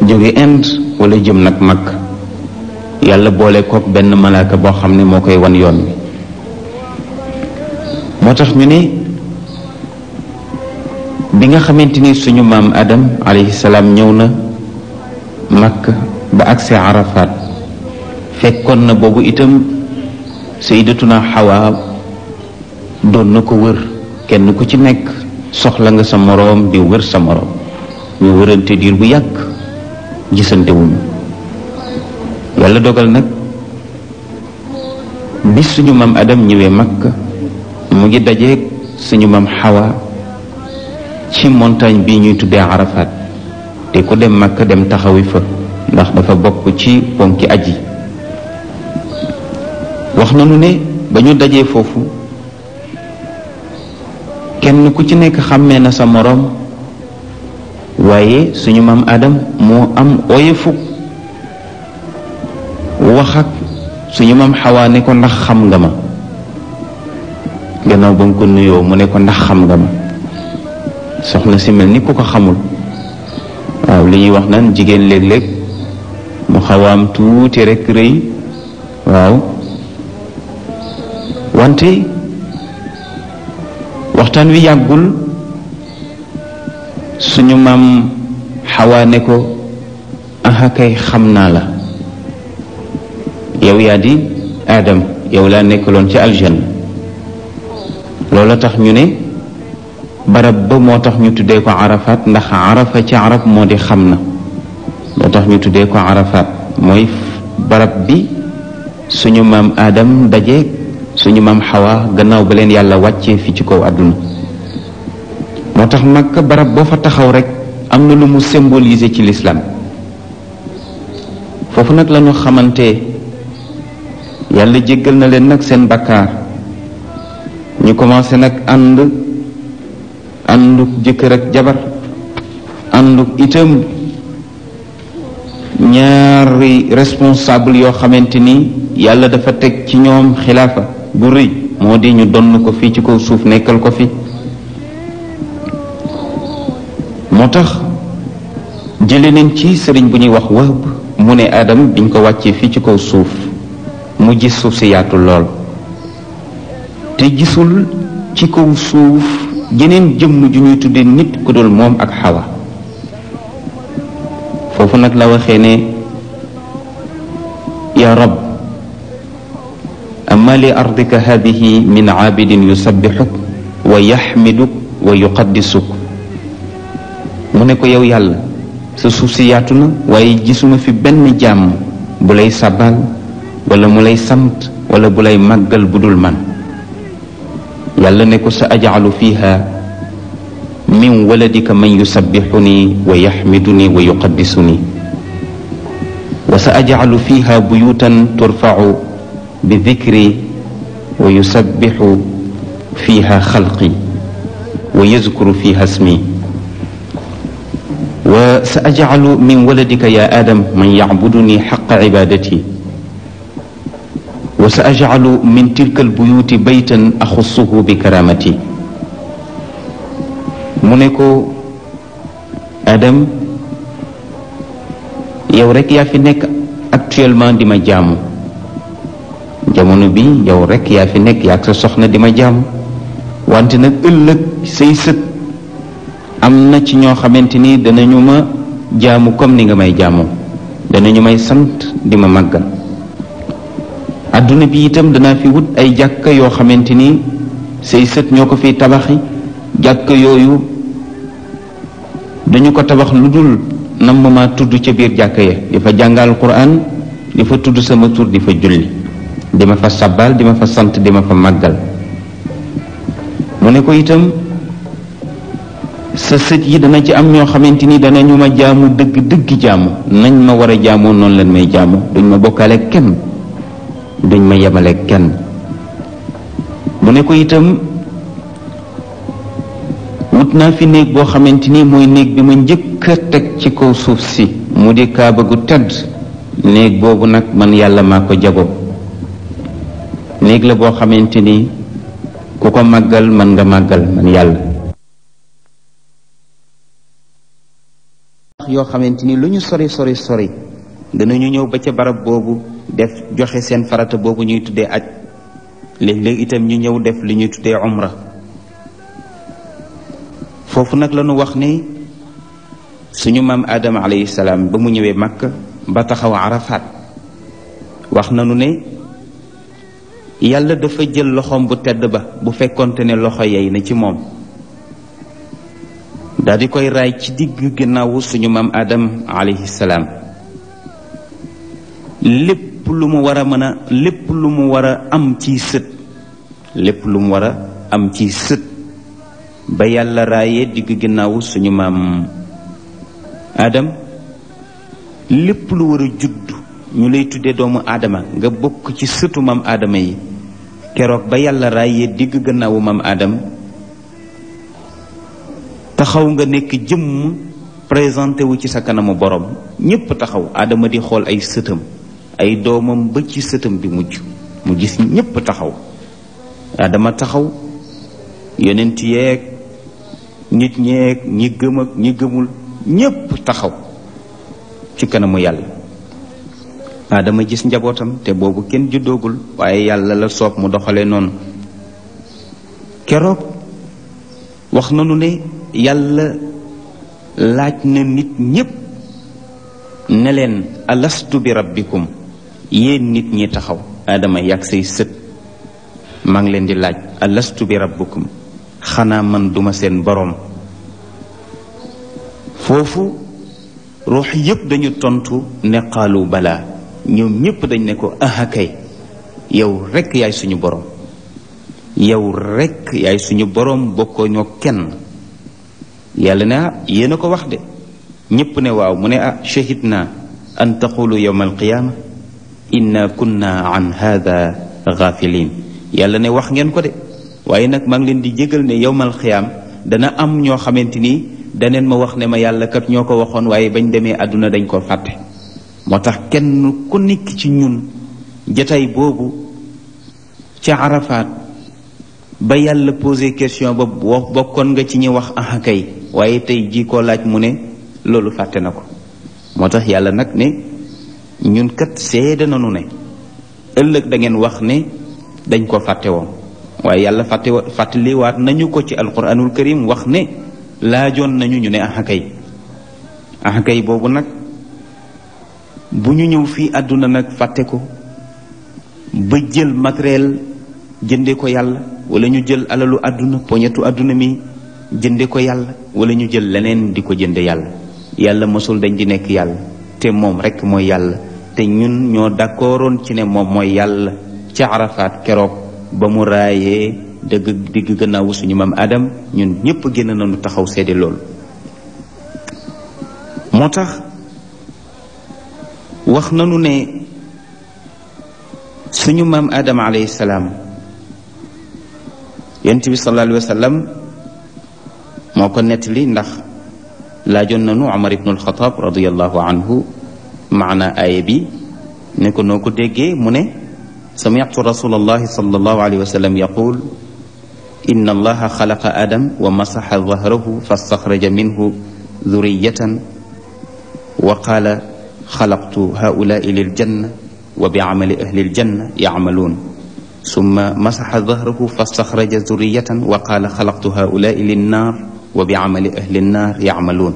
jóge Inde wala jëm nag màkk yàlla boole kook benn malaaka boo xam ne moo koy wan yoon bi moo tax ñu ne bi nga xamante ni suñu maam Adam alayhi salaam ñëw na makka ba agsi arafaat fekkoon na boobu itam sayyidatuna xawaa doon na ko wër kenn ku ci nekk soxla nga sa moroom di wër sa moroom ñu wërante diir bu yàgg gisante wuñu yàlla dogal nag bi suñu maam adam ñëwee makka mu ngi dajeeg suñu maam xawa ci montagne bi ñuy tuddee arafaat te ku dem Makka dem taxawi fa ndax dafa bokk ci ponki aji wax nañu ne ba ñu dajee foofu kenn ku ci nekk xàmme na sa moroom waaye suñu maam aadam moo am oyefu wax ak suñu maam Xawaa ne ko ndax xam nga ma gannaaw ba mu ko nuyoo mu ne ko ndax xam nga ma soxna si mel ni ku ko xamul waaw li ñuy wax naan jigéen léeg-léeg mu xawaam tuuti rekk rëy waaw wante waxtaan wi yàggul suñu maam xawaa ne ko aha kay xam naa la yow yaa di Adam yow laa nekkaloon ci aljanna loola tax ñu ne barab ba moo tax ñu tuddee ko arafat ndax arafa ci arab moo di xam na moo tax ñu tuddee ko arafat mooy barab bi suñu maam aadam daje suñu maam xawa gannaaw ba leen yàlla wàccee fi ci kaw àdduna moo tax Makka barab boo fa taxaw rek am na lu mu symboliser ci lislaam foofu nag lañu xamante yàlla jéggal na leen nag seen bakkaar ñu commencé nag ànd ànduk jëkkër ak jabar ànduk itam ñaari responsable yoo xamante ni yàlla dafa teg ci ñoom xilaafa bu rëy moo di ñu donn ko fii ci kaw suuf nekkal ko fi moo tax jële nañ ci sëriñ bu ñuy wax wahb mu ne aadam biñ ko wàccee fii ci kaw suuf mu gis suuf si yaatu lool te gisul ci kaw suuf jeneen jëmm ju ñuy tudd nit ku dul moom ak xawa foofu nag la waxee ne ya rab amma li ardika hadihi min aabidin yusabbixuk wa yaxmiduk wa yuqaddisuk mu yow yàlla sa suuf si yaatu na waaye gisuma fi benn jàmm bu lay sabal wala mu lay sant walla bu lay màggal bu dul man yàlla ne ko sa ajalu fiha min waladika man yusabbixuni wa yaxmiduni wa yuqaddisuni wa sa ajalu fiha buyutan turfacu bi dikri wa yusabbixu fiha xalqi wa yazkuru fiha ismi wa sa ajalu min waladika ya adam man yacbuduni xaqa cibaadati wa sa ajalu min tilka al buyuti baytan axussuhu bi karamati mu ne ko adam yow rek yaa fi nekk actuellement di ma jàmm jamono bi yow rek yaa fi nekk yaa ak sa soxna di ma jàmm wante nag ëllëg say sët am na ci ñoo xamante ni danañu ma jaamu comme ni nga may jaamu danañu may sant di ma màggal adduna bi itam danaa fi wut ay jàkka yoo xamante ni say sët ñoo ko fi tabaxi jàkka yooyu dañu ko tabax lu dul nam ma tudd ca biir jàkka ya di fa jàngal quran di fa tudd sama tuur di fa julli di ma fa sabbal di ma fa sant di ma fa màggal mu ne ko itam sa sët yi dana ci am ñoo xamante ni dana ñu ma jaamu dëgg dëgg jàmm nañ ma war a jàmmoon noonu leen may jaamu duñ ma bokkaale kenn duñ ma yemale kenn mu ne ko itam wut naa fi néeg boo xamante ni mooy néeg bi ma njëkk a teg ci kaw suuf si mu di kaaba gu tedd néeg boobu nag man yàlla maa ko jago néeg la boo xamante ni ku ko màggal man nga màggal man yàlla yoo xamante ni lu ñu sori sori sori danañu ñëw ba ca barab boobu def joxe seen farata boobu ñuy tuddee aj léeg itam ñu ñëw def li ñuy tuddee umra foofu nag la wax ni suñu maam aadama alayhi salaam ba mu ñëwee màkk ba taxaw arafaat wax nañu ne yàlla dafa jël loxoom bu tedd ba bu fekkonte ne loxo yey na ci moom daldi koy raay ci digg ginnaawu suñu maam adam alayhi salaam lépp lu mu war a mën a lépp lu mu war a am ci sët lépp lu mu war a am ci sët ba yàlla raaye digg ginnaawu suñu maam aadam lépp lu war a judd ñu lay tuddee doomu aadama nga bokk ci sëtu maam aadama yi keroog ba yàlla raayee digg gannaawu maam aadam taxaw nga nekk jëmm présenté wu ci sa kanamu borom ñépp taxaw aadama di xool ay sëtam ay doomam ba ci sëtam bi mujj mu gis ñépp taxaw dama taxaw yonent yeeg nit ñeeg ñi gëm ñi gëmul ñépp taxaw ci kanamu yàlla dama gis njabootam te boobu kenn juddoogul waaye yàlla la soob mu doxale noonu keroog wax nanu ne yàlla laaj na nit ñépp ne leen alastu bi rabbikum yéen nit ñi taxaw aadama yàgg say sët maa ngi leen di laaj alastu bi rabbukum xanaa man duma seen boroom foofu ruux yépp dañu tontu ne bala ñoom ñépp dañ ne ko aha kay yow rekk yaay suñu boroom yow rekk yaay suñu boroom bokkoo ñoo kenn yàlla ne ah yéen a ko wax de ñépp ne waaw mu ne ah shahid naa antaxulu taqulu yawma inna kunna an hada ghafilin yàlla ne wax ngeen ko de waaye nag maa leen di jégal ne yowmal xiyaam dana am ñoo xamante ni daneen ma wax ne ma yàlla kat ñoo ko waxoon waaye bañ demee àdduna dañ koo fàtte moo tax kenn ku nekk ci ñun jataay boobu ca Arafat ba yàlla posé question ba bokkoon nga ci ñi wax aha waaye tey jii koo laaj mu ne loolu fàtte na ko moo tax yàlla nag ne ñun kat seede nañu ne ëllëg da ngeen wax ne dañ ko fàtte woon waaye yàlla fàtte fàttaliwaat nañu ko ci alquranul karim wax ne laajoon nañu ñu ne axakay axakay boobu nag bu ñu ñëw fii àdduna nag fàtte ko ba jël matériel jënde ko yàlla wala ñu jël alalu àdduna poñetu àdduna mi jënde ko yàlla wala ñu jël leneen di ko jënde yàlla yàlla mosul dañ di nekk yàlla te moom rekk mooy yàlla te ñun ñoo d'accordoon ci ne moom mooy yàlla ci arafaat keroog ba mu raayee dëgg digg gannaawu suñu maam Adam ñun ñëpp génn nañu taxaw seede loolu moo tax wax nañu ne suñu maam Adam alayhi salaam yent bi sallallahu alayhi wa sallam moo ko nettali ndax laajoon nañu Umar ibnul Xataab radiyallahu anhu maana aaya bi ne ko noo ko déggee mu ne sami'tu rasulallahi sallallahu alayhi wa sallam yaqul inna allaha xalaqa adam wa masaxa dahrahu fastaxraja minhu duriyatan wa qaala xalaqtu haulaai liljanna wa biamali ahli ljanna yacmaluun summa masaxa dahrahu fastaxraja duriyatan wa qaala xalaqtu haulaai linnaar wa biamali ahli nnaar yacmaluun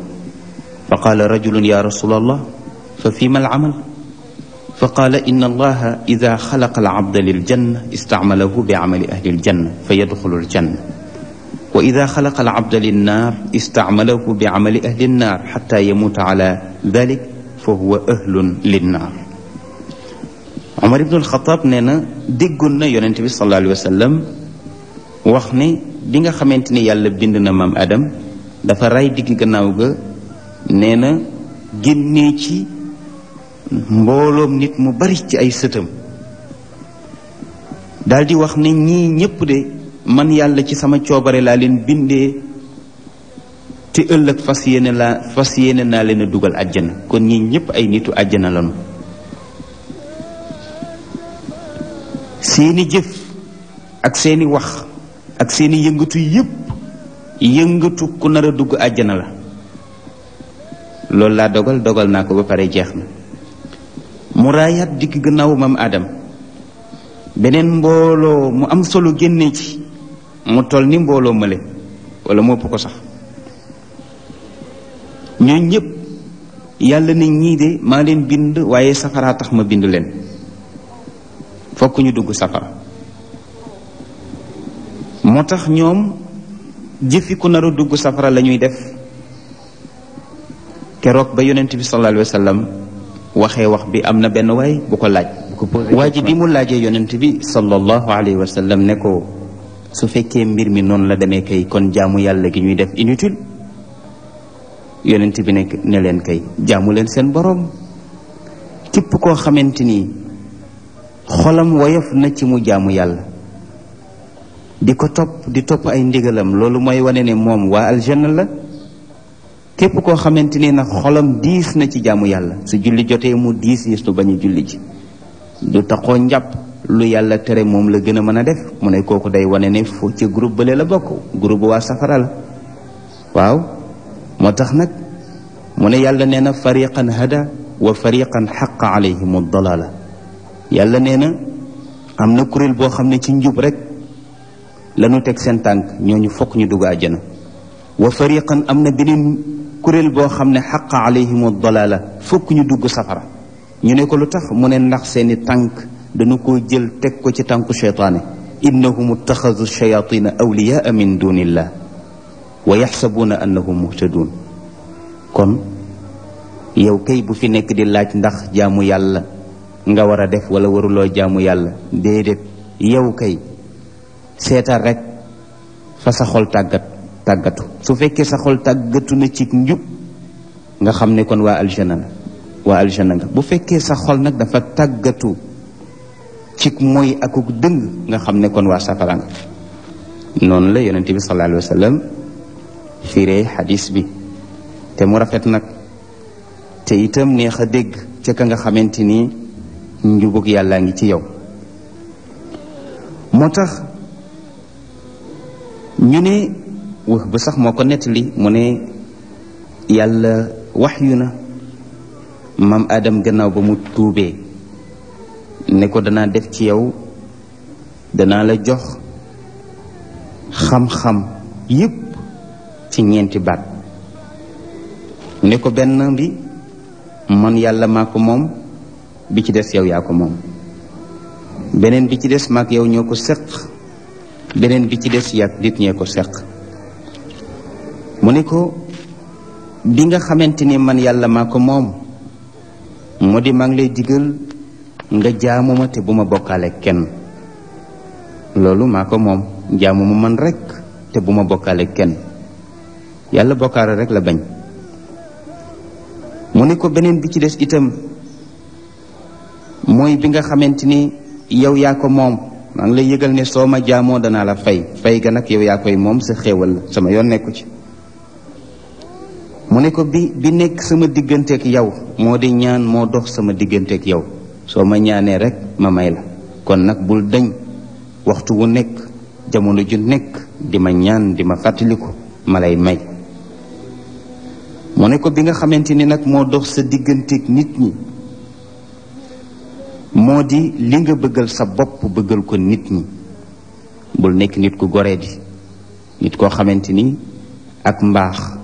fa qaala rajulun ya rasulallah fa fi ma al amal fa qaala inna allaha ida xalaqa al abda lil janna istaamalahu bi amali ahli al janna fa yadxulu al janna wa ida xalaqa al abda lin naar istaamalahu bi amali ahli al naar xatta yamuuta ala dalik fa huwa ahlun lin naar Omar ibn al Xataab nee na déggoon na yonent bi sallallahu alayhi wa sallam wax ne bi nga xamante ni yàlla bind na maam Adam dafa ray digg gannaaw ga nee na génnee ci mbooloom nit mu bari ci ay sëtam daldi wax ne ñii ñépp de man yàlla ci sama coobare laa leen bindee te ëllëg fas yéene laa fas yéene naa leen a dugal àjjana kon ñii ñépp ay nitu àjjana lañu seeni jëf ak seeni wax ak seeni yëngatu yépp yëngatu ku nar a dugg àjjana la loolu laa dogal dogal naa ko ba pare jeex na mu raayaat dikk gannaaw maam Adam beneen mbooloo mu am solo génne ci mu toll ni mbooloo mële wala mopp ko sax ñooñ ñëpp yàlla na ñii de maa leen bind waaye safara tax ma bind leen fokk dugg safara moo tax ñoom jëfi ku naru dugg safara la ñuy def keroog ba yonent bi sallallahu alayhi waxee wax bi am na benn waay bu ko laaj waa ji bi mu laajee yonent bi sallallahu alayhi wa sallam ne ko su fekkee mbir mi noonu la demee kay kon jaamu yàlla gi ñuy def inutile yonent bi ne ne leen kay jaamu leen seen boroom képp koo xamante ni xolam woyof na ci mu jaamu yàlla di ko topp di topp ay ndigalam loolu mooy wone ne moom waa aljanna la képp koo xamante ni nag xolam diis na ci jàmm yàlla su julli jotee mu diis yées lu bañ a julli ji du taxoo njàpp lu yàlla tere moom la gën a mën a def mu ne kooku dey wane ne foo ci groupe bële la bokk groupe waa safara la waaw moo tax nag mu ne yàlla nee na fariqan hada wa fariqan xaqa alayhim ad-dalala yàlla nee na am na kuréel boo xam ne ci njub rek lañu teg seen tànk ñooñu fokk ñu dugg àjjana wa fariqan am na beneen kuréel boo xam ne xaqa alayhim ad-dalaala fokk ñu dugg safara ñu ne ko lu tax mu ne ndax seeni tànk dañu ko jël teg ko ci tànku cheytaane innahum ittaxadu shayatina awliyaa min dunillah wa yaxsabuuna annahum muhtadun kon yow kay bu fi nekk di laaj ndax jaamu yàlla nga war a def wala waruloo jaamu yàlla déedéet yow kay seetal rek fa sa xol tàggat tàggatu su fekkee sa xol tàggatu na ci njub nga xam ne kon waa aljana la waa aljana nga bu fekkee sa xol nag dafa tàggatu ci mooy akuk dëng nga xam ne kon waa safara nga noonu la yonent bi sallallahu alayhi wa sallam firee xadis bi te mu rafet nag te itam neex a dégg ca ka nga xamante ni njubug yàllaa ngi ci yow moo tax ñu ne wax ba sax moo ko nettali mu ne yàlla wax yu na maam aadam gannaaw ba mu tuubee ne ko danaa def ci yow danaa la jox xam-xam yépp ci ñeenti baat ne ko benn bi man yàlla maa ko moom bi ci des yow yaa ko moom beneen bi ci des maak yow ñoo ko seq beneen bi ci des yàgg nit ñee ko seq mu ne ko bi nga xamante ni man yàlla maa ko moom moo di maa ngi lay digal nga jaamuma te bu ma bokkaale kenn loolu maa ko moom jaamuma man rekk te bu ma bokkaale kenn yàlla bokkaale rekk la bañ mu ne ko beneen bi ci des itam mooy bi nga xamante ni yow yaa ko moom maa ngi lay yëgal ne soo ma jaamoo danaa la fay fay ga nag yow yaa koy moom sa xéewal la sama yoon nekku ci mu ne ko bi bi nekk sama digganteek yow moo di ñaan moo dox sama digganteek yow soo ma ñaanee rek ma may la kon nag bul dañ waxtu wu nekk jamono ju nekk di ma ñaan di ma fàttaliku ma lay may mu ne ko bi nga xamante ni nag moo dox sa digganteeg nit ñi moo di li nga bëggal sa bopp bëggal ko nit ñi bul nekk nit ku goree di nit koo xamante ni ak mbaax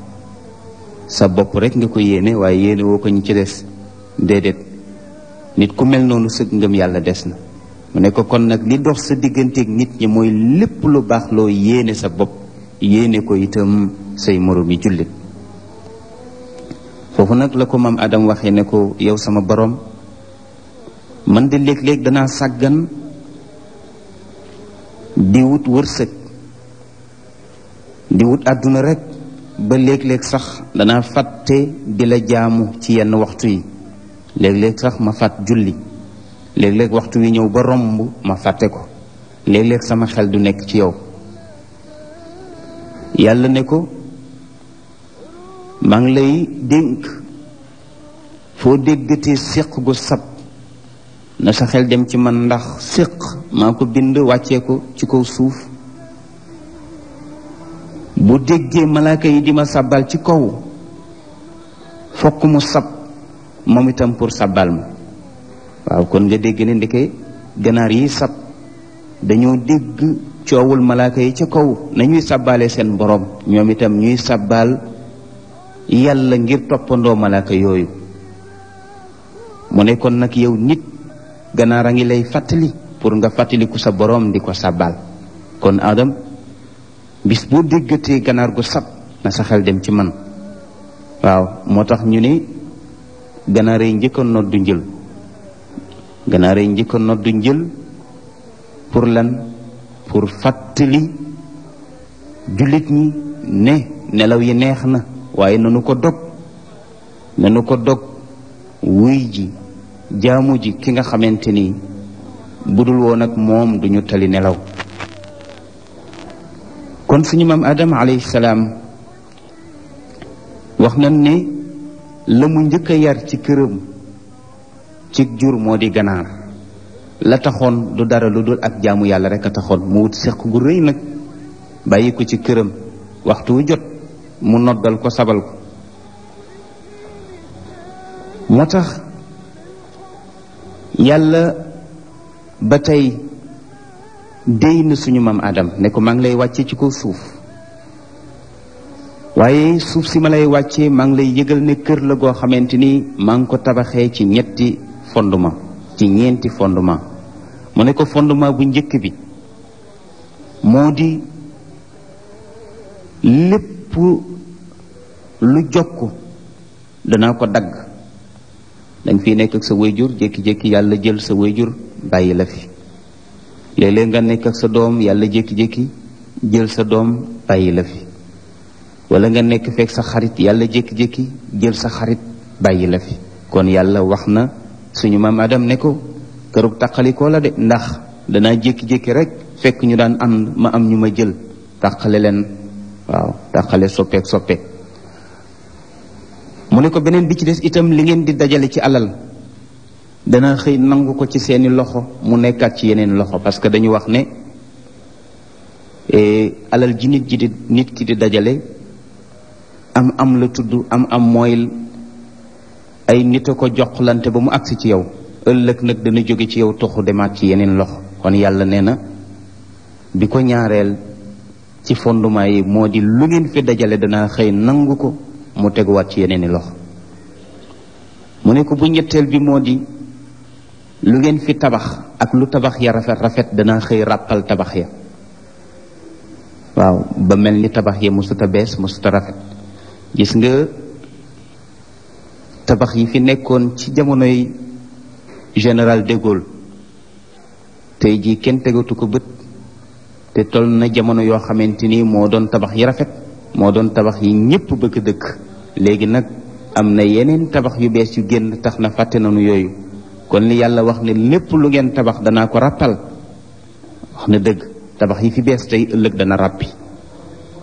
sa bopp rek nga ko yéene waaye yéene woo ko ñu ci des déedéet nit ku mel noonu sëg ngëm yàlla des na mu ne ko kon nag li dox sa digganteek nit ñi mooy lépp lu baax loo yéene sa bopp yéene ko itam say moroom yi jullit foofu nag la ko maam Adam waxee ne ko yow sama boroom man de léeg-léeg danaa sàggan di wut wërsëg di wut àdduna rek ba léeg-léeg sax danaa fàtte di la jaamu ci yenn waxtu yi léeg-léeg sax ma fàtt julli léeg-léeg waxtu wi ñëw ba romb ma fàtte ko léeg-léeg sama xel du nekk ci yow yàlla ne ko maa ngi lay dénk foo déggatee séq gu sab na sa xel dem ci man ndax séq maa ko bind wàccee ko ci kaw suuf bu déggee malaaka yi di ma sabbal ci kaw fokk mu sab moom itam pour sabbal ma waaw kon nga dégg ne ndeke ganaar yi sab dañoo dégg coowul malaaka yi ci kaw nañuy sabbaale seen boroom ñoom itam ñuy sabbaal yàlla ngir toppandoo malaaka yooyu mu ne kon nag yow nit ganaar a ngi lay fàttali pour nga fàttaliku sa boroom di ko sabbaal kon Adam bis boo déggatee ganaar gu sab na sa xel dem ci man waaw moo tax ñu ne ganaar yi njëkk noddu njël ganaar yi njëkk a njël pour lan pour fàttali jullit ñi ne nelaw yi neex na waaye nanu ko dog nanu ko dog wuy ji jaamu ji ki nga xamante ni budul woon ak moom duñu tali nelaw kon suñu maam Adama alayhi salaam wax nan ne la mu njëkk yar ci këram ci jur moo di ganaar la taxoon du dara lu dul ak jaamu yàlla rekk a taxoon mu wut seq gu rëy nag bàyyi ko ci këram waxtu wu jot mu noddal ko sabal ko moo tax yàlla ba tey déy na suñu maam Adam ne ko maa lay wàccee ci ko suuf waaye suuf si ma lay wàcce maa ngi lay yëgal ne kër la goo xamante ni maa ngi ko tabaxee ci ñetti fondement ci ñeenti fondement mu ne ko fondement bu njëkk bi moo di lépp lu jokk danaa ko dagg dañ fi nekk ak sa wayjur jékki-jékki yàlla jël sa wayjur bàyyi la fi léeg-léeg nga nekk ak sa doom yàlla jékki-jékki jël sa doom bàyyi la fi wala nga nekk fekk sa xarit yàlla jékki-jékki jël sa xarit bàyyi la fi kon yàlla wax na suñu maam Adam ne ko kërug tàqalikoo la de ndax dana jékki-jékki rek fekk ñu daan ànd ma am ñu ma jël tàqale leen waaw tàqale soppeek soppeek mu ne ko beneen bi ci des itam li ngeen di dajale ci alal dana xëy nangu ko ci seeni loxo mu nekkaat ci yeneen loxo parce que dañu wax ne eh, alal ji jinit ji di nit ki di dajale am am la tudd am am mooy ay nit a ko joxlante ba mu agsi ci yow ëllëg nag dana jóge ci yow toxu demaat ci yeneen loxo kon yàlla nee na bi ko ñaareel ci fondement yi moo di lu ngeen fi dajale dana xëy nangu ko mu teguwaat ci yeneen i loxo mu ne bu ñetteel bi moo di lu ngeen fi tabax ak lu tabax ya rafet rafet dana xëy ràppal tabax ya waaw ba mel ni tabax ya mësuta bees mësuta rafet gis nga tabax yi fi nekkoon ci jamonoy général de Gaulle tey jii kenn tegatu ko bët te toll na jamono yoo xamante ni moo doon tabax yi rafet moo doon tabax yi ñépp bëgg dëkk léegi nag am na yeneen tabax yu bees yu génn tax na fàtte nanu yooyu kon li yàlla wax ne lépp lu ngeen tabax danaa ko ràppal wax na dëgg tabax yi fi bees tey ëllëg dana ràppi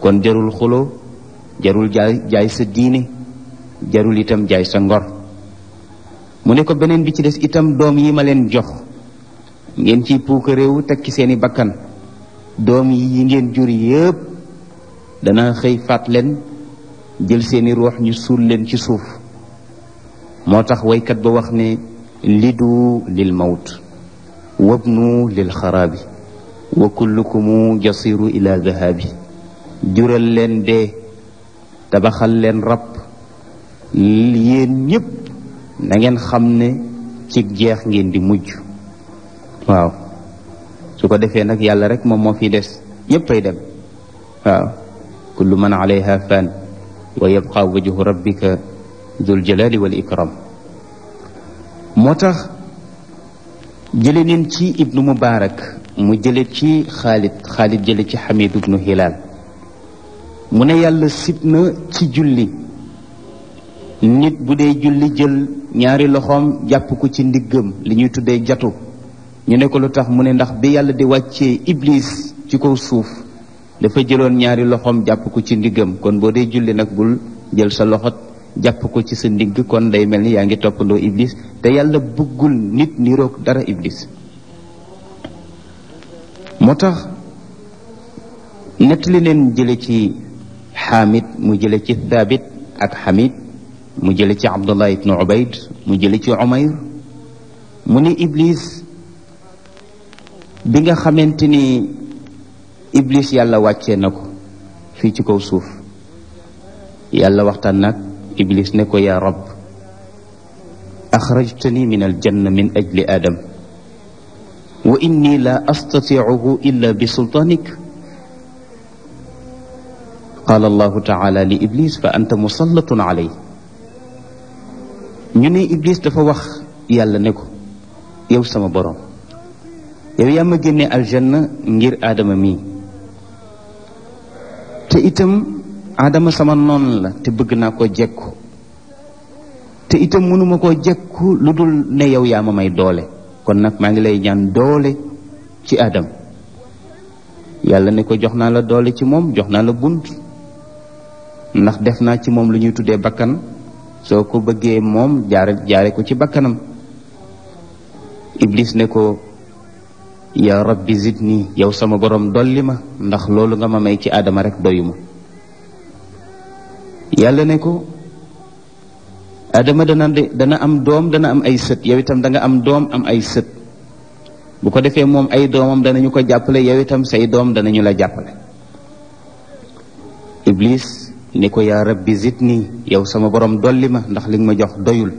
kon jarul xulo jarul jaay jaay sa diine jarul itam jaay sa ngor mu ne ko beneen bi ci des itam doom yi ma leen jox ngeen ci puuk réew tekki seeni bakkan doom yi ngeen jur yépp dana xëy faat leen jël seeni ruux ñu suul leen ci suuf moo tax waykat ba wax ne lidu lil mawt wabnu lil xaraabi wa kullukumu jasiru ila dahabi jural leen de tabaxal leen rab yéen ñëpp na xam ne ci jeex ngeen di mujj waaw su ko defee nag yàlla rek moom moo fi des ñëppay dem waaw kullu man alayha fan wa yabqa wajhu rabbika dul jalali wal ikram moo tax jële neen ci ibnu mubaarak mu jële ci xaalid xaalid jële ci xamid ibnu hilaal mu ne yàlla sit na ci julli nit bu dee julli jël ñaari loxoom jàpp ko ci ndiggam li ñuy tuddee jatu ñu ne ko lu tax mu ne ndax bi yàlla di wàccee iblis ci kaw suuf dafa jëloon ñaari loxoom jàpp ko ci ndiggam kon boo dee julli nag bul jël sa loxo jàpp ko ci sa ndigg kon day mel ni yaa ngi toppandoo iblis te yàlla bëggul nit niroog dara iblis moo tax nettali leen jële ci xaamid mu jële ci thabit ak xamid mu jële ci abdullah ibnu ubayd mu jële ci umayr mu ni iblis bi nga xamante ni iblis yàlla wàcce na ko fii ci kaw suuf yàlla waxtaan nag iblis ne ko yaa rab axrajtani min aljanna min ajli aadam wa inni la astatiicuhu illa bi sultaanik qaala allahu taala li iblis fa anta musallatun alay ñu ne iblis dafa wax yàlla ne ko yow sama borom yow yaa ma génne aljanna ngir aadama mii te itam Adama sama noon la te bëgg naa koo jekku te itam mënuma koo jekku lu dul ne yow yaa ma may doole kon nag maa ngi lay ñaan doole ci Adama yàlla ne ko jox naa la doole ci moom jox naa la bunt ndax def naa ci moom lu ñuy tuddee bakkan soo ko bëggee moom jaare jaare ko ci bakkanam Iblis ne ko yaa rabbi nii yow sama borom dolli ma ndax loolu nga ma may ci Adama rek doyuma yàlla ne ko adama dana dana am doom dana am ay sët yow itam danga am doom am ay sët bu ko defee moom ay doomam danañu ko jàppale yow itam say doom danañu la jàppale iblis ne ko yaa rabbi zidni yow sama borom dolli ma ndax li ma jox doyul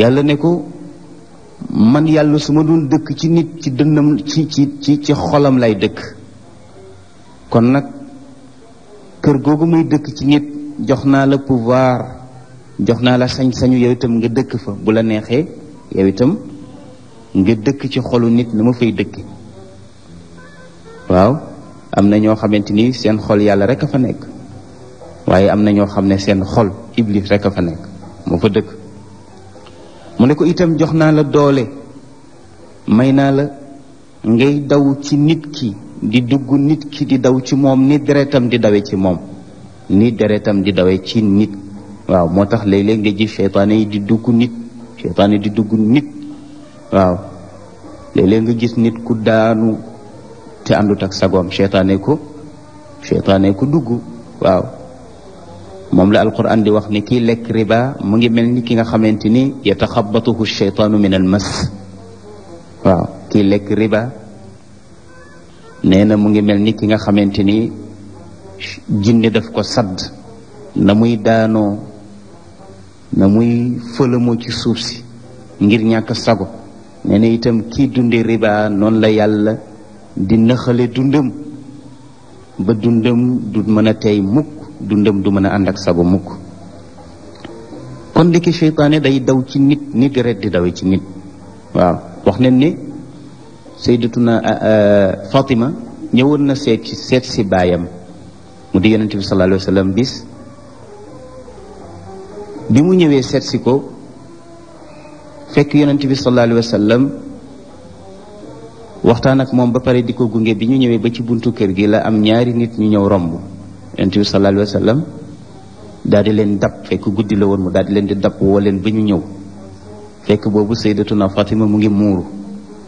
yàlla ne ko man yàlla su ma doon dëkk ci nit ci dënnam ci ci ci ci xolam lay dëkk kon nag kër googu muy dëkk ci nit jox naa la pouvoir jox naa la sañ-sañu yow itam nga dëkk fa bu la neexee yow itam nga dëkk ci xolu nit na ma fay dëkke waaw am na ñoo xamante ni seen xol yàlla rek a fa nekk waaye am na ñoo xam ne seen xol iblis rekk a fa nekk moo fa dëkk mu ne ko itam jox naa la doole may naa la ngay daw ci nit ki di dugg nit ki di daw ci moom ni deretam di dawe ci moom ni deretam di dawe ci nit waaw moo tax léeg nga gis seytaane yi di dugg nit seytaane di dugg nit waaw léeg nga gis nit ku daanu te àndut ak sagoom seytaane ko seytaane ko dugg waaw moom la alquran di wax ni kii lekk riba mu ngi mel ni ki nga xamante ni yataxabatuhu seytaanu min al mas waaw kii lekk riba nee na mu ngi mel ni ki nga xamante ni jinne def ko sàdd na muy daanoo na muy fëlamoo ci suuf si ngir ñàkk sago nee na itam kii dunde riba noonu la yàlla di nëxale dundam ba dundam du mën a tey mukk dundam du mën a ànd ak sago mukk kon ndiki seytaane day daw ci nit nit ret di dawe ci nit waaw wax nañ ne sayyidatuna Fatima ñëwoon na seet seet si baayam mu di yonent bi sallallahu bis bi mu ñëwee seet ko fekk yonent bi sallallahu alayhi waxtaan ak moom ba pare di ko gunge bi ñu ñëwee ba ci buntu kër gi la am ñaari nit ñu ñëw romb yonent bi sallallahu alayhi daal di leen dab fekk guddi la woon mu daal di leen di dab woo leen ba ñu ñëw fekk boobu sayyidatuna Fatima mu ngi muuru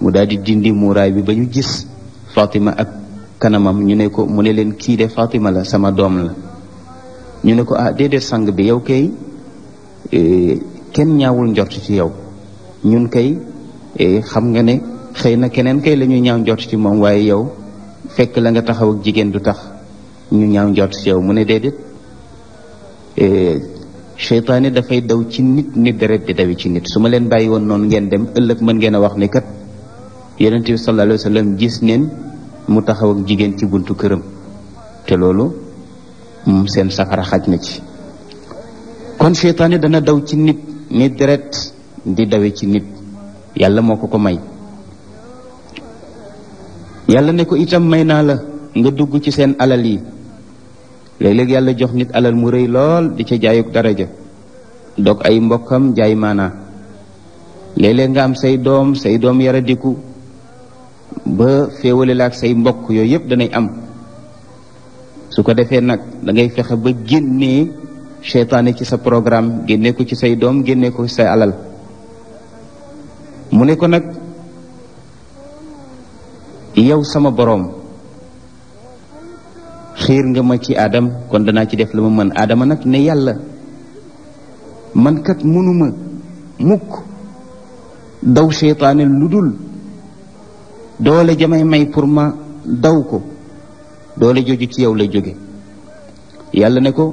mu daal di dindi muuraay bi ba ñu gis Fatima ak kanamam ñu ne ko mu ne leen kii de Fatima la sama doom la ñu ne ko ah déedéet sang bi yow kay e, kenn ñaawul njort ci yow ñun kay e, xam nga ne xëy na keneen kay la ñuy ñaaw njort ci moom waaye yow fekk la nga taxaw ak jigéen du tax ñu ñaaw njort ci yow mu ne déedéet e, seytaane dafay daw ci nit ni deret di dawi ci nit su ma leen bàyyi woon noonu ngeen dem ëllëg mën ngeen a wax ni yonent bi sallallahu alayhi wa gis neen mu taxaw ak jigéen ci buntu këram te loolu moom seen safara xaj na ci kon seytaane dana daw ci nit ni deret di dawe ci nit yàlla moo ko ko may yàlla ne ko itam may naa la nga dugg ci seen alal yi léeg-léeg yàlla jox nit alal mu rëy lool di ca jaayuk daraja dog ay mbokkam jaay maanaa léeg-léeg nga am say doom say doom yaradiku ba féewale ak say mbokk yooyu yëpp danay am su ko defee nag dangay fexe ba génnee seytaane ci sa programme génne ko ci say doom génne ko ci say alal mu ne ko nag yow sama boroom xiir nga ma ci aadam kon danaa ci def la ma mën aadama nag ne yàlla man kat mënuma mukk daw seytaane lu dul doole jamay may pour ma daw ko doole jooju ci yow lay jóge yàlla ne ko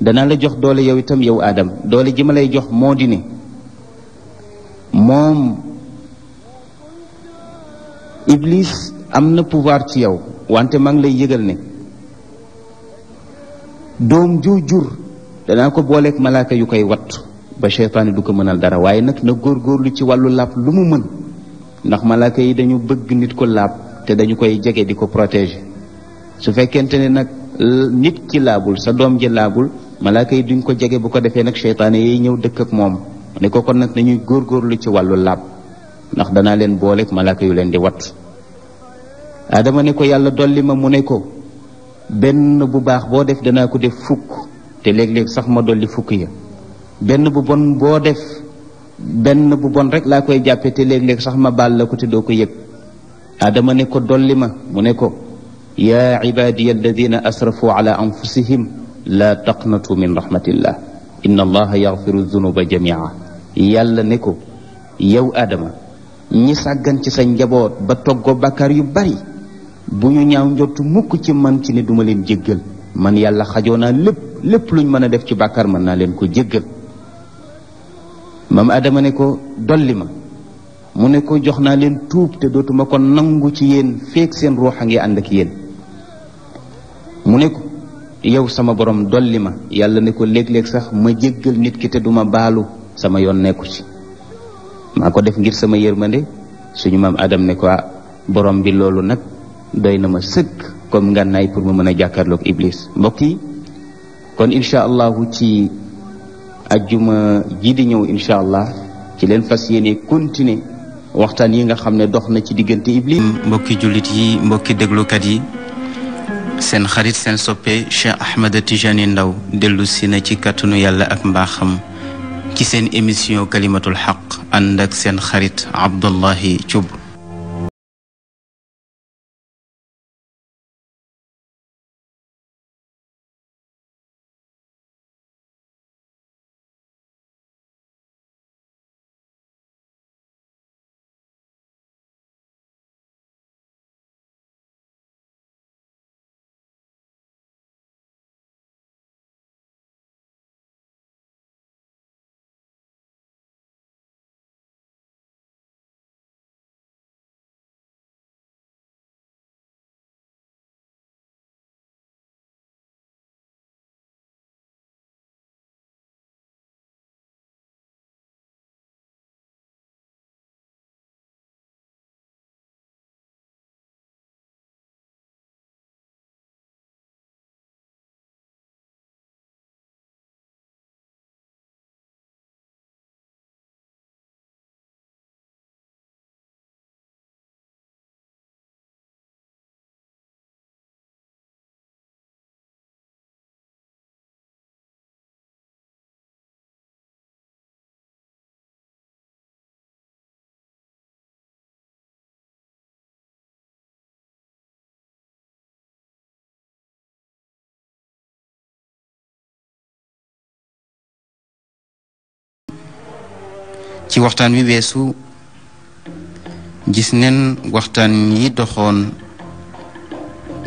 danaa la jox doole yow itam yow aadam doole ji ma lay jox moo di ne moom iblis am na pouvoir ci yow wante maa ngi lay yëgal ne doom jur jur danaa ko booleeg malaaka yu koy wattu ba seytaane du ko mënal dara waaye nag na góorgóorlu ci wàllu làpp lu mu mën ndax malaaka yi dañu bëgg nit ko laab te dañu koy jege di ko protéger su fekkente ne nag nit ki laabul sa doom ji laabul malaaka yi duñ ko jege bu ko defee nag seytaane yi ñëw dëkk ak moom ne ko kon nag dañuy góor góorlu ci wàllu laab ndax danaa leen booleek malaaka yu leen di wat aadama ne ko yàlla dolli ma mu ne ko benn bu baax boo def danaa ko def fukk te léeg-léeg sax ma dolli fukk ya benn bu bon boo def benn bu bon rek laa koy jàppe te léeg sax ma baal la ko te doo ko yëg adama ne ko dolli ma mu ne ko yaa ibadiya alladina asrafu ala anfusihim laa taqnatu min rahmatillah inna allaha yaxfiru dunuba jamia yàlla ne ko yow adama ñi sàggan ci sa njaboot ba toggoo bàkkaar yu bari bu ñu ñaaw njottu mukk ci man ci ne duma leen jéggal man yàlla xajoo naa lépp luñ mën a def ci bàkkaar mën naa leen ko jéggal maam Adama ne ko dolli ma mu ne ko jox naa leen tuub te dootuma ko nangu ci yéen feek seen ruux a ngi ànd ak yéen mu ne ko yow sama borom dolli ma yàlla ne ko léeg-léeg sax ma jéggal nit ki te duma baalu sama yoon nekku ci maa ko def ngir sama yërmande suñu maam Adam ne ko ah, borom bi loolu nag doy na ma sëkk comme ngan naay pour ma mën a jàkkaarloog Iblis mbokk kon incha allahu ci ajjuma ji di ñëw incha allah ci leen fas yéene continuer waxtaan yi nga xam ne dox na ci diggante iblis mbokki jullit yi mbokki déglukat yi seen xarit seen soppe Cheikh Ahmed Tijani Ndaw dellusi na ci kattanu yàlla ak mbaaxam ci seen émission kalimatul xaq ànd ak seen xarit Abdullahi Thioub ci waxtaan wi weesu gis neen waxtaan yi doxoon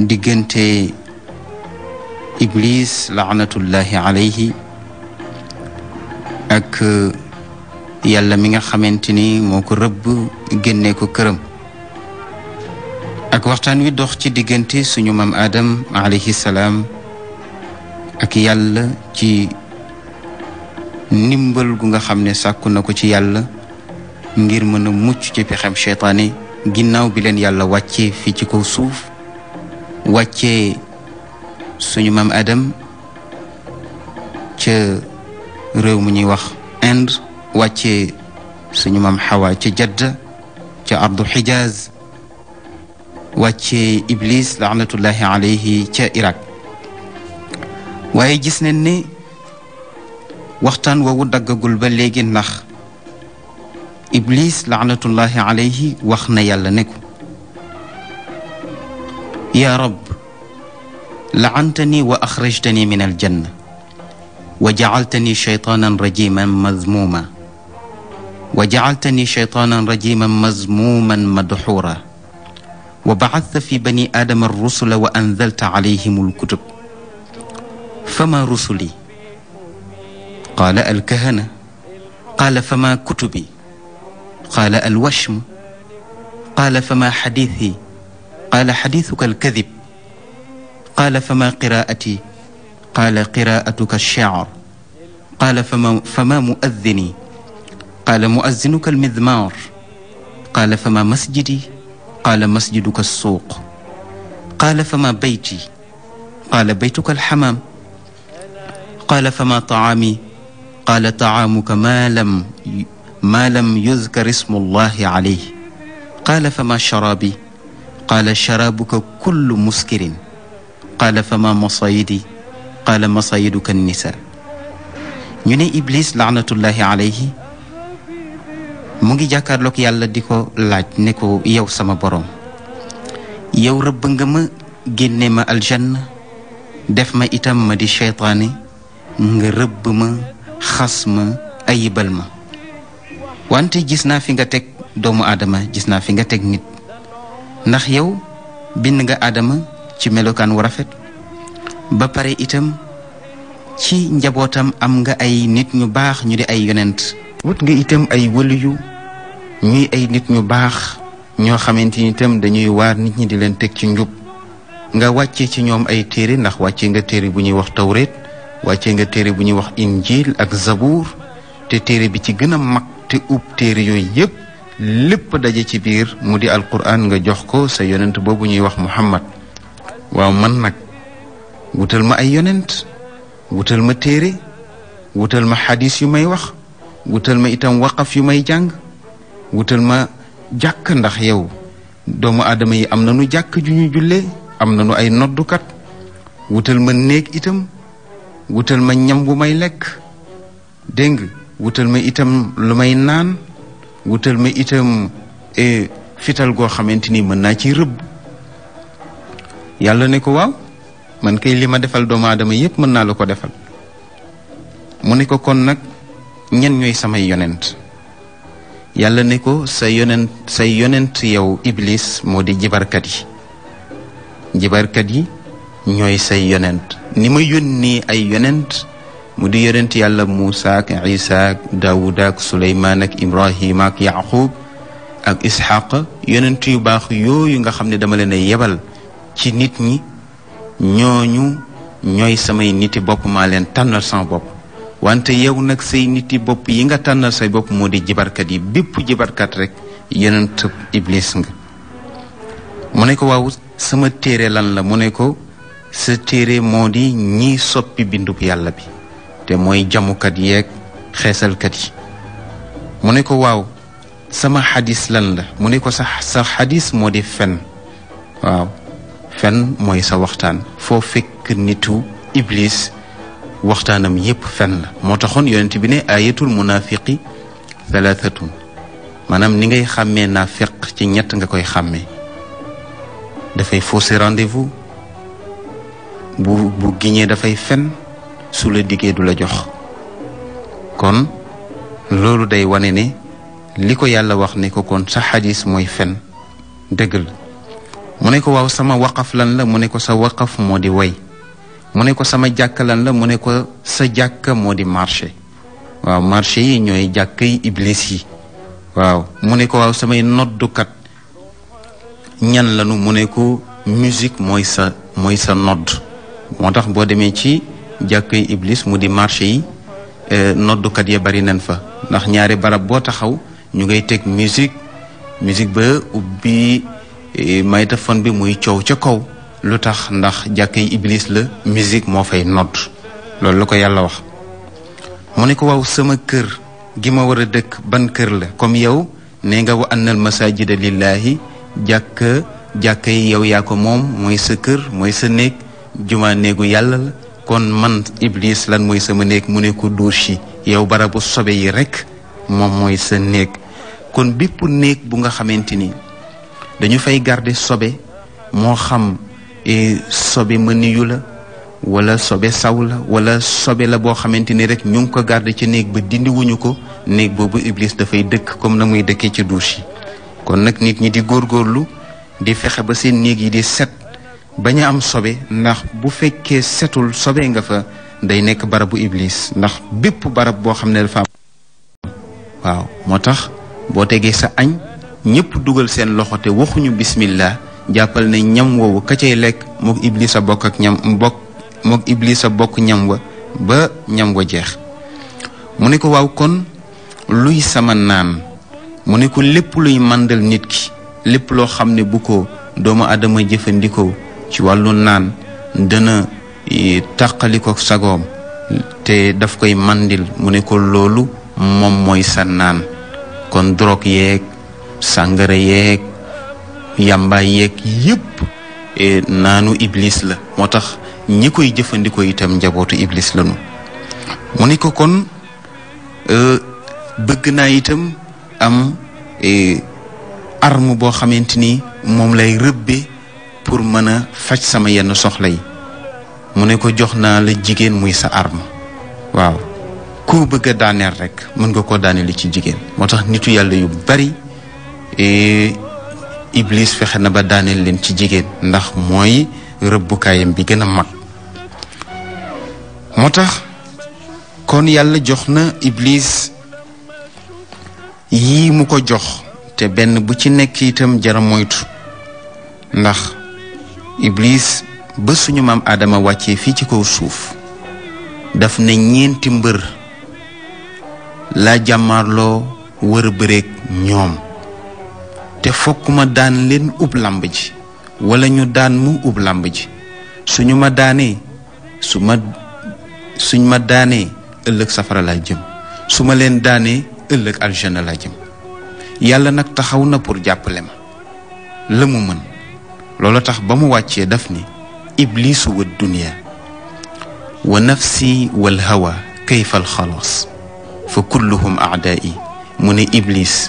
diggante iblis laanatullahi alayhi ak uh, yàlla mi nga xamante ni moo ko rëbb génne ko këram ak waxtaan wi dox ci diggante suñu maam Adam alayhi salaam ak yàlla ci ndimbal gu nga xam ne sàkku na ko ci yàlla ngir mën a mucc ci pexem seytaane ginnaaw bi leen yàlla wàccee fii ci kaw suuf wàcce suñu maam Adam ca réew mu ñuy wax Inde wàcce suñu maam Xawa ci Jadda ca ardu Xijaaz wàccee Iblis laanatullahi alayhi ca waaye gis nañ ne waxtaan woowu daggagul ba léegi ndax iblis laanatullahi alayhi wax na yàlla ne ko yaa rab laantani wa axrajtani min aljanna wa jacaltani shaytaanan rajiman madmuuma wa jacaltani shaytaanan rajiman mazmuuman madxuura wa bacadta fi bani aadama arrusula wa anzalta calayhim alkutub fama rusuli qaala alkahana qaala fama kutubi qaala alwashm qaala fama xadiisi qaala xadiisuka alkadib qaala fama qiraati qaala qiraatuka alshaar qaala fama fama muaddini qaala muazzinuka almidmaar qaala fama masjidi qaala masjiduka alsuuq qaala fama bayti qaala baytuka alxamaam qaala fama taami qaala tacaamuka maa lam maa lam yudkar ismu llahi alayh qaala fa maa sharaabi qaala sharaabuka kullu muskirin qaala fa maa masayidi qaala masayiduka nisa ñu ne Iblis laanatullahi alayhi mu ngi jàkkaarloog yàlla di ko laaj ne ko yow sama boroom yow rëbb nga ma aljanna def ma itam ma di seytaane nga rëbb xas ma ayibal ma wante gis naa fi nga teg doomu aadama gis naa fi nga teg nit ndax yow bind nga aadama ci melokaan wu rafet ba pare itam ci njabootam am nga ay nit ñu baax ñu di ay yonent wut nga itam ay wëliyu ñuy ay nit ñu baax ñoo xamante ni itam dañuy waar nit ñi di leen teg ci njub nga wàcce ci ñoom ay téere ndax wàcce nga téere bu ñuy wax tawreet wàccee nga téere bu ñuy wax injil ak zabuur te téere bi ci gën a mag te ub téere yooyu yépp lépp daje ci biir mu di alquran nga jox ko sa yonent boobu ñuy wax muhammad waaw man nag wutal ma ay yonent wutal ma téere wutal ma xadis yu may wax wutal ma itam waqaf yu may jàng wutal ma jàkk ndax yow doomu aadama yi am na nu jàkk ju ñu jullee am na nu ay noddukat wutal ma néeg itam wutal ma ñam wu may lekk dégg wutal ma itam lu may naan wutal ma itam e, fital goo xamante ni mën naa ci rëbb yàlla ne ko waaw man kay li ma defal doomu aadama yépp mën naa la ko defal mu ne ko kon nag ñen ñooy samay yonent yàlla ne ko sa yonent say yonent yow iblis moo di jibarkat yi jibarkat yi ñooy say yonent ni ma yónnee ay yonent mu di yonent yàlla Muusa ak Isa ak Daawuda ak Suleymaan ak Ibrahima ak Yaaqub ak Isxaq yonent yu baax yooyu nga xam ne dama leen a yebal ci nit ñi ñooñu ñooy samay niti bopp maa leen tànnal sama bopp wante yow nag say niti bopp yi nga tànnal say bopp moo di jibarkat yi bépp jibarkat rek yonent iblis nga mu ne ko waaw sama téere lan la mu ne ko sa téere moo di ñiy soppi bindu yàlla bi te mooy jamukat yeeg xeesalkat yi mu ne ko waaw sama xadis lan la mu ne ko sa sa xadis moo di fen waaw fen mooy sa waxtaan foo fekk nitu iblis waxtaanam yépp fen la moo taxoon yonent bi ne ayatul munaafiqi thalathatun maanaam ni ngay xàmmee naa feq ci ñett nga koy xàmmee dafay fausser rendez bu bu giñee dafay fen su la diggee du la jox kon loolu day wane ne li ko yàlla wax ne ko kon sa xadis mooy fen dëgg la mu ne ko waaw sama waqaf lan la mu ne ko sa waqaf moo di way mu ne ko sama jàkk la mu ne ko sa jàkk moo di marché waaw marché yi ñooy jàkk yi iblis yi waaw mu ne ko waaw samay noddukat ñan lanu mu ne ko musique mooy sa mooy sa nodd moo tax boo demee ci jàkkoy iblis mu di marché yi euh, noddukat ya bari nañ fa ndax ñaari barab boo taxaw ñu ngay teg musique musique ba ubbi euh, maytaphone bi muy coow ca kaw lu tax ndax jàkkoy iblis la musique moo fay nodd loolu la ko yàlla wax mu ne ko waaw sama kër gi ma war a dëkk ban kër la comme yow ne nga wa annal masajida lillahi jàkk jàkka yi yow yaa ko moom mooy sa kër mooy sa néeg juma néegu yàlla kon man iblis lan mooy sama néeg mu ne ko duus yi yow barabu sobe yi rek moom mooy sa néeg kon bépp néeg bu nga xamante ni dañu fay garder sobe moo xam e, sobe mëniyu la wala sobe saw la wala sobe la boo xamante ni rek ñu ngi ko garder ci néeg ba dindi ko néeg boobu iblis dafay dëkk comme na muy dëkkee ci douche yi kon nag nit ñi di góorgóorlu di fexe ba seen néeg yi di set bañ a am sobe ndax bu fekkee setul sobe nga fa day nekk barabu iblis ndax bépp barab boo xam ne dafa am waaw moo tax boo tegee sa añ ñëpp dugal seen loxo te waxuñu bismillah jàppal ne ñam woowu ka cay lekk mook iblis a bokk ak ñam bokk mook wa ba ñam wa jeex mu ne ko waaw kon luy sama naan mu ne ko lépp luy màndal nit ki lépp loo xam ne bu ko doomu aadama jëfandikoo ci wàllu naan dana e, tàqali ko sagoom te daf koy mandil mu ne ko loolu moom mooy san naan kon drogue yeeg sàngara yeeg yàmbaay yeeg yépp e, naanu iblis la moo tax ñi koy jëfandikoo itam njabootu iblis lañu mu kon e, bëgg naa itam am arme boo xamante ni moom lay rëbbe pour mën a faj sama yenn soxla mu ne ko jox naa la jigéen muy sa arme waaw ku bëgg a daaneel rek mën nga koo daaneel ci jigéen moo tax nitu yàlla yu bari e, Iblis fexe na ba daaneel leen ci jigéen ndax mooy rëbbukaayam bi gën a mag moo tax kon yàlla jox na Iblis yii mu ko jox te benn bu ci nekk itam jara moytu ndax Iblis ba suñu maam aadama wàccee fii ci kaw suuf daf ne ñeenti mbër laa jàmmaarloo war a bëreeg ñoom te fokk ma daan leen ub làmb ji wala ñu daan mu ub làmb ji suñu ma daanee su ma suñ ma daanee ëllëg safara laa jëm su ma leen daanee ëllëg aljana laa jëm yàlla nag taxaw na pour jàppale ma la mu mën loola tax ba mu wàccee daf ni iblisu wa dunia wa nafsi wal hawa kayfal xalaas fa kulluhum aadaa'i mu ne iblis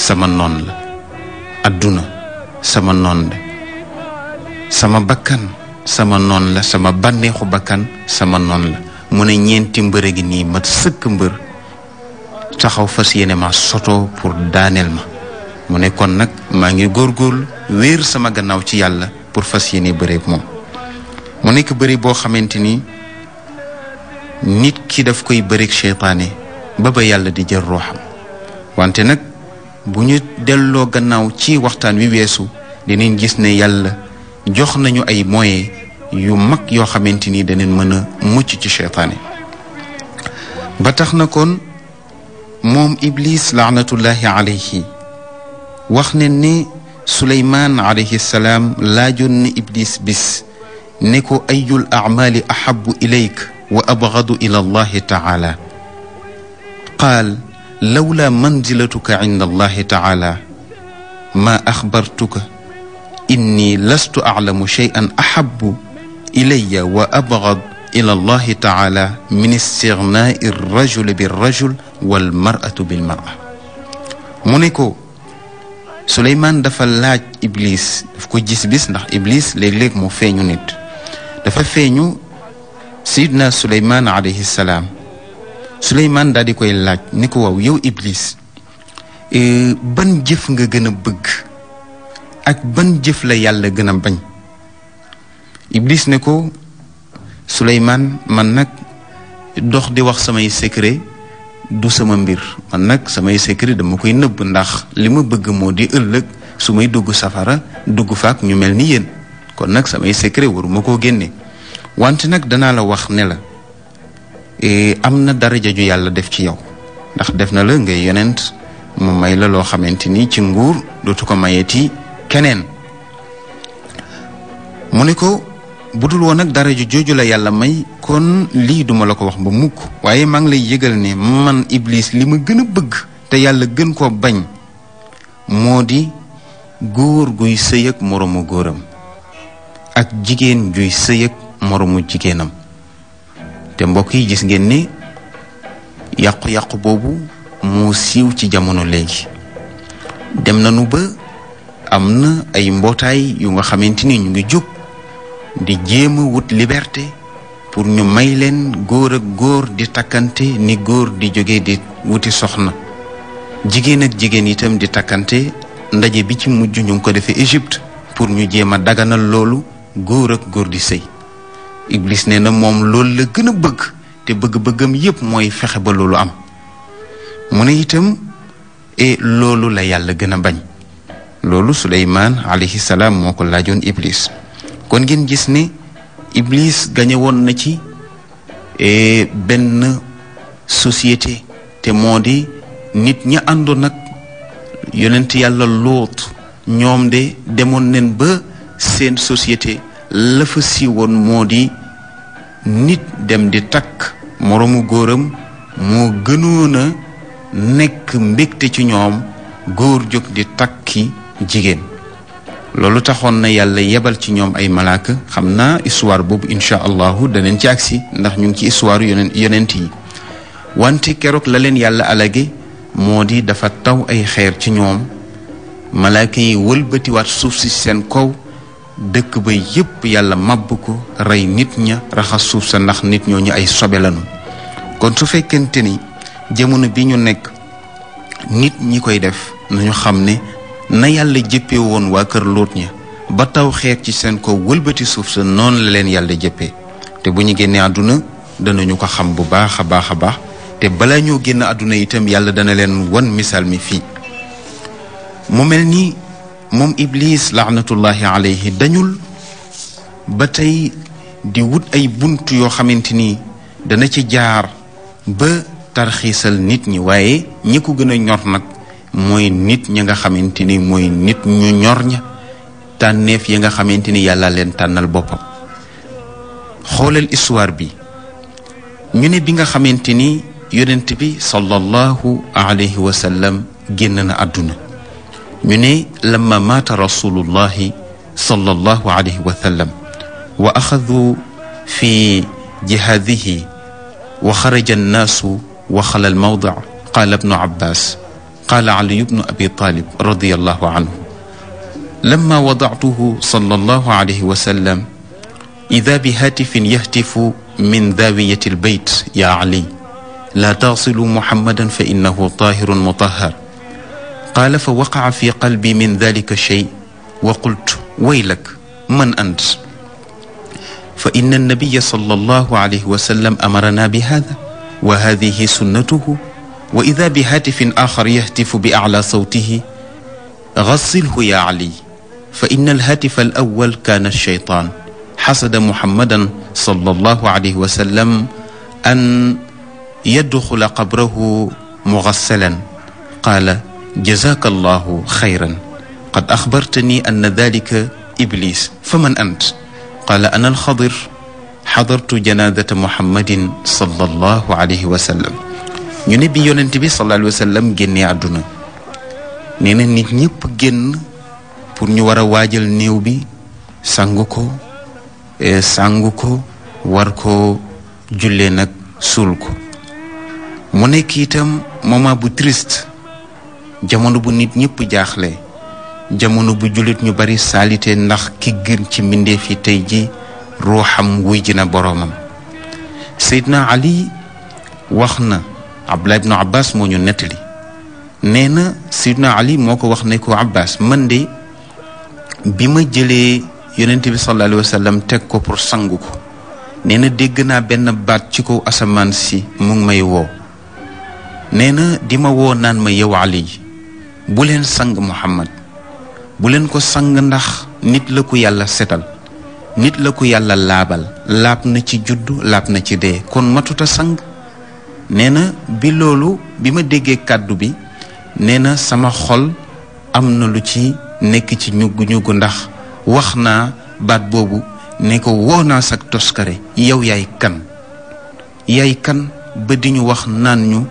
sama noon la adduna sama noon la sama bakkan sama noon la sama bànneexu bakkan sama noon la mu ne ñeenti mbër a gi nii ma sëkk mbër taxaw fas yéene ma soto pour daaneel ma mu ne kon nag maa ngi góor góorgóorlu wéer sama gannaaw ci yàlla pour fas yéene bëreeg moom mu nekk bëri boo xamante ni nit ki daf koy bëreeg seytaane ba ba yàlla di jël ruuxam wante nag bu ñu delloo gannaaw ci waxtaan wi weesu dinañ gis ne yàlla jox nañu ay moyens yu mag yoo xamante ni danañ mën a mucc ci seytaane ba tax na kon moom iblis laanatullahi alayhi wax ne ni suleymaan alayhi salaam laajoon na iblis bis ne ko ayul acmaali axabu ilayk wa abgadu ila allahi taala qaal lawla manzilatuka cind allahi taala maa axbartuka inni lastu aclamu cheyan axabu ilaya wa abgad ila allahi taala min istignaai rajuli bi rajul wal maratu bil mara mu ne ko Souleymane dafa laaj Iblis daf ko gis bis ndax Iblis léeg-léeg mu feeñu nit dafa feeñu Seydina Souleymane alayhi salaam Souleymane daal di koy laaj ni ko waaw yëw Iblis eh, ban jëf nga gën a bëgg ak ban jëf la yàlla gën a bañ Iblis ni ko Souleymane man nag dox di wax samay secret. du sama mbir man nag samay secret dama koy nëbb ndax li ma bëgg moo di ëllëg su may dugg safara dugg faak ñu mel ni yéen kon nag samay secret waruma koo génne wante nag danaa la wax ne la e, am na daraja ju yàlla def ci yow ndax def na la ngay yonent mu may la loo xamante ni ci nguur dootu ko mayeeti keneen mu ne ko bu dul woon nag dara ju jooju la yàlla may kon lii duma la ko wax ba mukk waaye maa lay yëgal ne man ibliis li ma gën a bëgg te yàlla gën koo bañ moo di góor guy sëy ak moroomu góoram ak jigéen juy sëy ak moroomu jigéenam te mbokk yi gis ngeen ne yàqu-yàqu boobu moo siiw ci jamono léegi dem nañu ba am na ay mbootaay yu nga xamante ni ñu ngi jóg di jéem a wut liberté pour ñu may leen góor ak góor di takkante ni góor di jóge di wuti soxna jigéen ak jigéen itam di takkante ndaje bi ci mujj ñu ngi ko defee Égypte pour ñu jéem a daganal loolu góor ak góor di sëy Iblis nee na moom loolu la gën a bëgg te bëgg-bëggam yépp mooy fexe ba loolu am mu ne itam e loolu la yàlla gën a bañ loolu Suleymaan alayhi salaam moo ko laajoon Iblis kon ngeen gis ni ibliis gañe na ci e, benn société te moo di nit ñi àndoon nag yonent yàlla loot ñoom de demoon neen ba seen société la fa moo di nit dem di takk moroomu góoram moo gënoon a nekk mbégte ci ñoom góor jóg di takki jigéen loolu taxoon na yàlla yebal ci ñoom ay malaaka xam naa histoire boobu incha allahu daneen ci agsi ndax ñu ngi ci histoire yoneen yonent yi wante keroog la leen yàlla alage moo di dafa taw ay xeer ci ñoom malaaka yi wëlbatiwaat suuf si seen kaw dëkk ba yépp yàlla màbb ko rey nit ña raxas suuf sa ndax nit ñooñu ay sobe lañu kon su fekkente ni jamono bi ñu nekk nit ñi koy def nañu xam ne na yàlla jëppee woon waa kër loot ña ba taw xeet ci seen ko wëlbati suuf sa noonu la leen yàlla jëppee te bu ñu génnee àdduna danañu ko xam bu baax a baax a baax te bala ñoo génn àdduna itam yàlla dana leen wan misaal mi fii mu mel ni moom ibliis laanatullahi alayhi dañul ba tey di wut ay bunt yoo xamante ni dana ci jaar ba tarxiisal nit ñi waaye ñi ko gën a ñor nag mooy nit ñi nga xamante ni mooy nit ñu ñor ña tànneef yi nga xamante ni yàlla leen tànnal boppam xoolal histoire bi ñu ne bi nga xamante ni yonent bi sallallahu alayhi wa génn na àdduna ñu ne lama maata rasulullahi sallallahu alayhi wa sallam wa axadu fi jihaadihi wa xaraja annaasu wa xalal mawda qaala ibnu abbas qaala ali ibnu abi talib radiallahu anhu lama wadatuhu sallallahu alayhi wa sallam ida bi haatifin yahtifu min daawiyati albayt ya ali laa tagsilu muhammadan fa innahu taahirun mutahhar qaala fa waqaca fi qalbi min dalika shay wa qultu waylak man ant fa inna annabiya sallallahu alayhi wa sallam amarana bi hada wa hadihi sunnatuhu wa ida bi haatifin axar yaxtifu bi aclaa sawtihi gassilhu yaa ali fa inna alhaatifa al awal kaana alcheytaan xasada muhammadan sallallahu alayhi wa sallam an yadxula qabrahu mugassalan qaala jazaaka allahu xayran qad axbartani anna dalika iblis fa man ant qaala ana alxadir xadartu janaazata muhammadin sallallahu alayhi wa sallam ñu ne bi yonent bi sallallahu alayhi wa sallam àdduna nee nit ñëpp génn pour ñu war a waajal néew bi sangu ko e, sangu ko war ko jullee nag suul ko mu nekk itam moment bu trist jamono bu nit ñëpp jaaxle jamono bu jullit ñu bari saalite ndax ki gën ci mbindeef yi tey ji ruuxam wuy ji na boroomam Seydina Ali wax na Abdullah ibnu Abbas moo ñu nettali nee na Sidna Ali moo ko wax ne ko Abbas man de bi ma jëlee yonent bi sallallahu alayhi teg ko pour sangu ko nee na dégg naa benn baat ci kaw asamaan si mu may woo nee na di ma woo naan ma yow Ali bu leen sang Muhammad bu leen ko sang ndax nit la ku yàlla setal nit la ku yàlla laabal laab na ci juddu laab na ci dee kon matuta sang nee na bi loolu bi ma déggee kàddu bi nee na sama xol am na lu ci nekk ci ñugg ñugg ndax wax naa baat boobu ne ko woo naa sak toskare yow yaay kan yaay kan ba di ñu wax naan ñu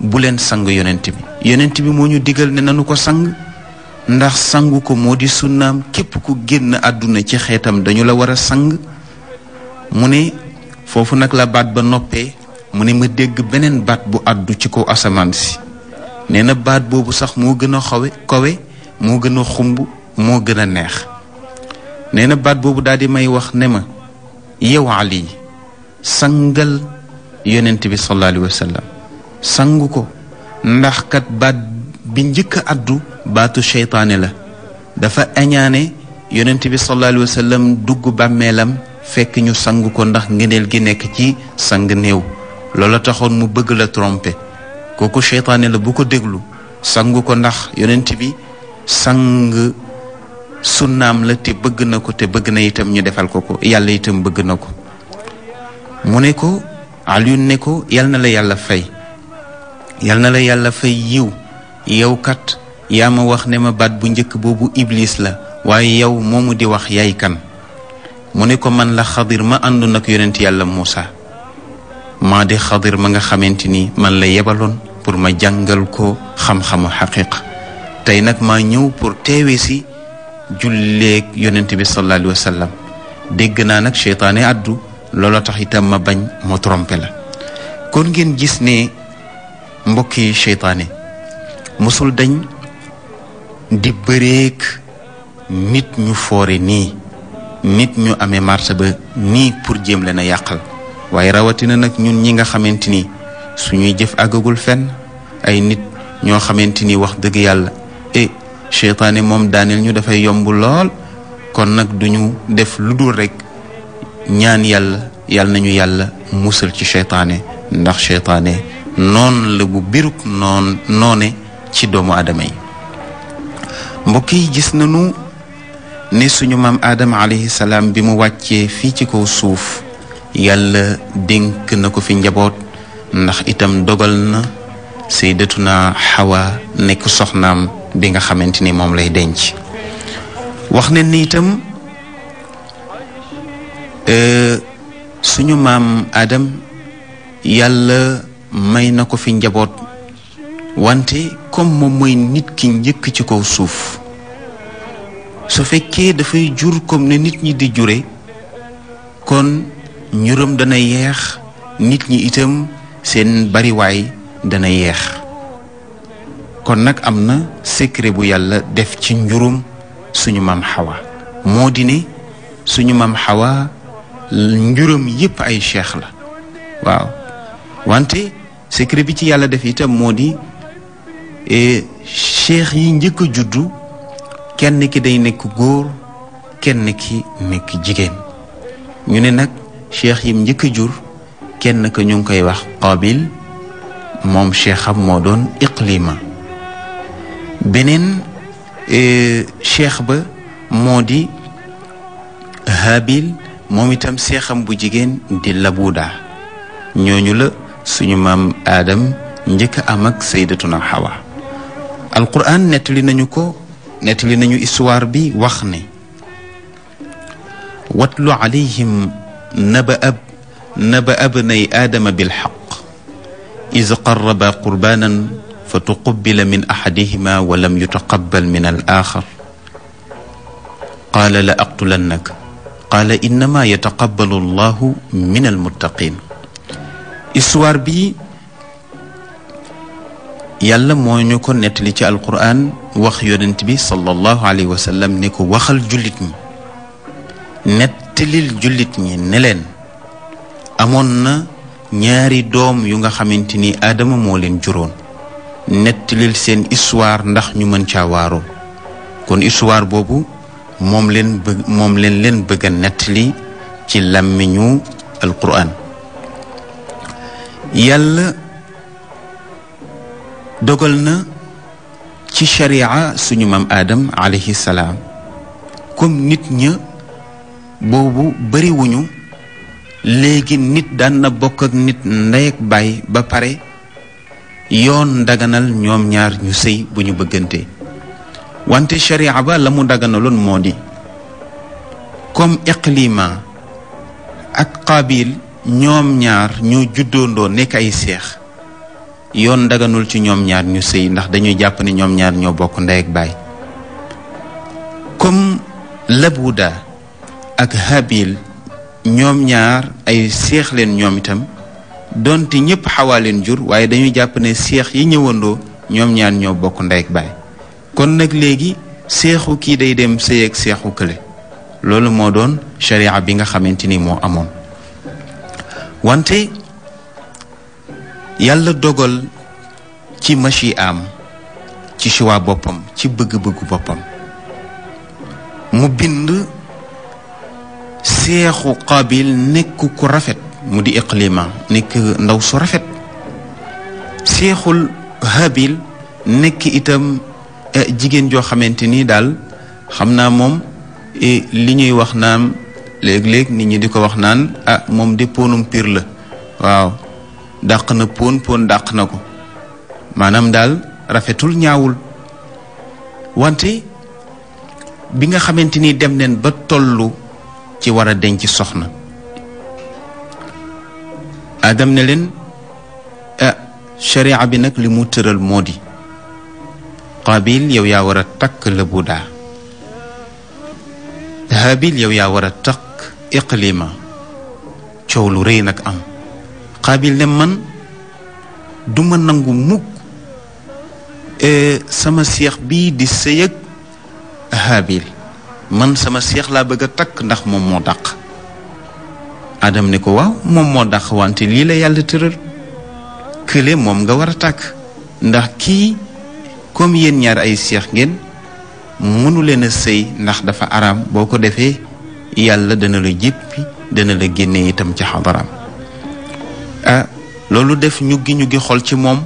bu leen sang yonent bi yonent bi moo ñu digal ne nanu ko sang ndax sangu ko moo di sunnaam képp ku génn àdduna ci xeetam dañu la war a sang mu ne foofu nag la baat ba noppee mu ne ma dégg beneen baat bu àddu ci ko asamaan si nee na baat boobu sax moo gën a xawe kawe moo gën a xumb moo gën a neex nee na baat boobu daal di may wax ne ma yow Ali sangal yonent bi sallallahu alayhi wa sangu ko ndax kat baat bi njëkk a àddu baatu seytaane la dafa eñaane yonent bi sallallahu alayhi dugg bàmmeelam fekk ñu sang ko ndax ngëneel gi nekk ci sang néew loola taxoon mu bëgg la tromper kooku seytaane la bu ko déglu sangu ko ndax yonent bi sang sunnaam la te bëgg na ko te bëgg na itam ñu defal ko ko yàlla itam bëgg na ko mu ne ko yu ne ko yal na la yàlla fay yal na la yàlla fay yiw yow kat yaa ma wax ne ma baat bu njëkk boobu ibliis la waaye yow moomu di wax yaay kan mu ne ko man la xadir ma àndoon nag yonent yàlla Muusa maa di xadir ma nga xamante ni man la yebaloon pour ma jàngal ko xam-xamu xaqiqa tey nag maa ñëw pour teewe si julleeg yonent bi sallallahu alayhi dégg naa nag seytaane addu loola tax itam ma bañ moo trompé la kon ngeen gis ne mbokki seytaane musul dañ di bëreek nit ñu foore nii nit ñu amee ba nii pour jéem leen a yàqal waaye rawatina nag ñun ñi nga xamante ni suñuy jëf àggagul fenn ay nit ñoo xamante ni wax dëgg yàlla e seytaane moom daaneel ñu dafay yomb lool kon nag duñu def lu dul rekk ñaan yàlla yàlla nañu yàlla musal ci seytaane ndax seytaane noon la bu biruk noone ci doomu aadama yi mbokk yi gis nañu ne suñu maam aadama alayhi salaam bi mu wàccee fii ci kaw suuf yàlla dénk na ko fi njaboot ndax itam dogal na sayyidatuna Hawa nekk soxnaam bi nga xamante ni moom lay denc wax ne ni itam euh, maam Adam yàlla may na ko fi njaboot wante comme moom mooy nit ki njëkk ci kaw suuf su fekkee dafay jur comme ne nit ñi di jure kon ñuram dana yeex nit ñi itam seen bariwaay dana yeex kon nag am na secret bu yàlla def ci njurum suñu maam xawa moo di ne suñu maam xawa njuram yépp ay cheikh la waaw wante secret bi ci yàlla def itam moo di e, cheikh yi njëkk a juddu kenn ki day nekk góor kenn ki nekk jigéen ñu ne nag cheikh yim njëkk jur kenn ka ñu ngi koy wax qabil moom cheikh am moo doon iqlima beneen e, cheikh ba moo di habil moom itam seexam bu jigéen di labuda ñooñu la suñu maam aadam njëkk am ak saydatuna xawa alquran nettali nañu ko nettali nañu histoire bi wax ne watlu alayhim naba ab naba abnay aadama bilxaq is qarraba qurbanan fa tuqubila min axadihima wa lam yutaqabal min al axar qaala la aqtulannaka qaala innama yataqabalu allahu min almuttaqin histoire bi yàlla moo ñu ko nettali ci alquran wax yonent bi sallallahu alayhi wa sallam ni ko waxal jullit ñi fàttalil jullit ñi ne leen amoon na ñaari doom yu nga xamante ni aadama moo leen juróon nettalil seen histoire ndax ñu mën caa waaroo kon histoire boobu moom leen bëgg leen leen bëgg a nettali ci làmmiñu alquran yàlla dogal na ci sharia suñu maam aadam alayhi salaam nit ña boobu bariwuñu léegi nit daan na bokk ak nit ndey ak baay ba pare yoon daganal ñoom ñaar ñu sëy bu ñu bëggante wante sharia ba la mu daganaloon moo di comme Iqlima ak Qaabil ñoom ñaar ñu juddoondoo nekk ay seex yoon daganul ci ñoom ñaar ñu sëy ndax dañuy jàpp ne ñoom ñaar ñoo bokk ndey ak baay comme Labuda ak Habil ñoom ñaar ay seex leen ñoom itam donte ñëpp xawaa leen jur waaye dañuy jàpp ne seex yi ñëwandoo ñoom ñaar ñoo bokk ndey ak baay kon nag léegi seexu kii day dem sëy ak seexu kële loolu moo doon sharia bi nga xamante ni moo amoon wante yàlla dogal ci machi am ci choix boppam ci bëgg-bëggu boppam mu bind seexu Qaabil nekk ku rafet mu di Iqlima nekk ndaw su rafet seexul Haabil nekk itam eh, jigéen joo xamante ni daal xam naa moom eh, li ñuy wax naan léeg-léeg nit ñi di ko wax naan ah moom de poonum piir la waaw dàq na poon poon dàq na ko maanaam daal rafetul ñaawul wante bi nga xamante ni dem neen ba tollu ci war a denc soxna Adam ne leen ah bi nag li mu tëral moo di Qaabil yow yaa war a takk Labuda Haabil yow yaa war a takk Iqlima coow lu rëy nag am Qaabil ne man du ma nangu mukk eh, sama seex bi di sëy ak Haabil man sama seex laa bëgg a takk ndax moom moo dàq Adam ni ko waaw moom moo dàq wante lii la yàlla tëral kële moom nga war a tàkk ndax kii comme yéen ñaar ay seex ngeen mënu leen a sëy ndax dafa araam boo ko defee yàlla dana la jéppi dana la génne itam ci xadaraam loolu def ñu gi ñu gi xol ci moom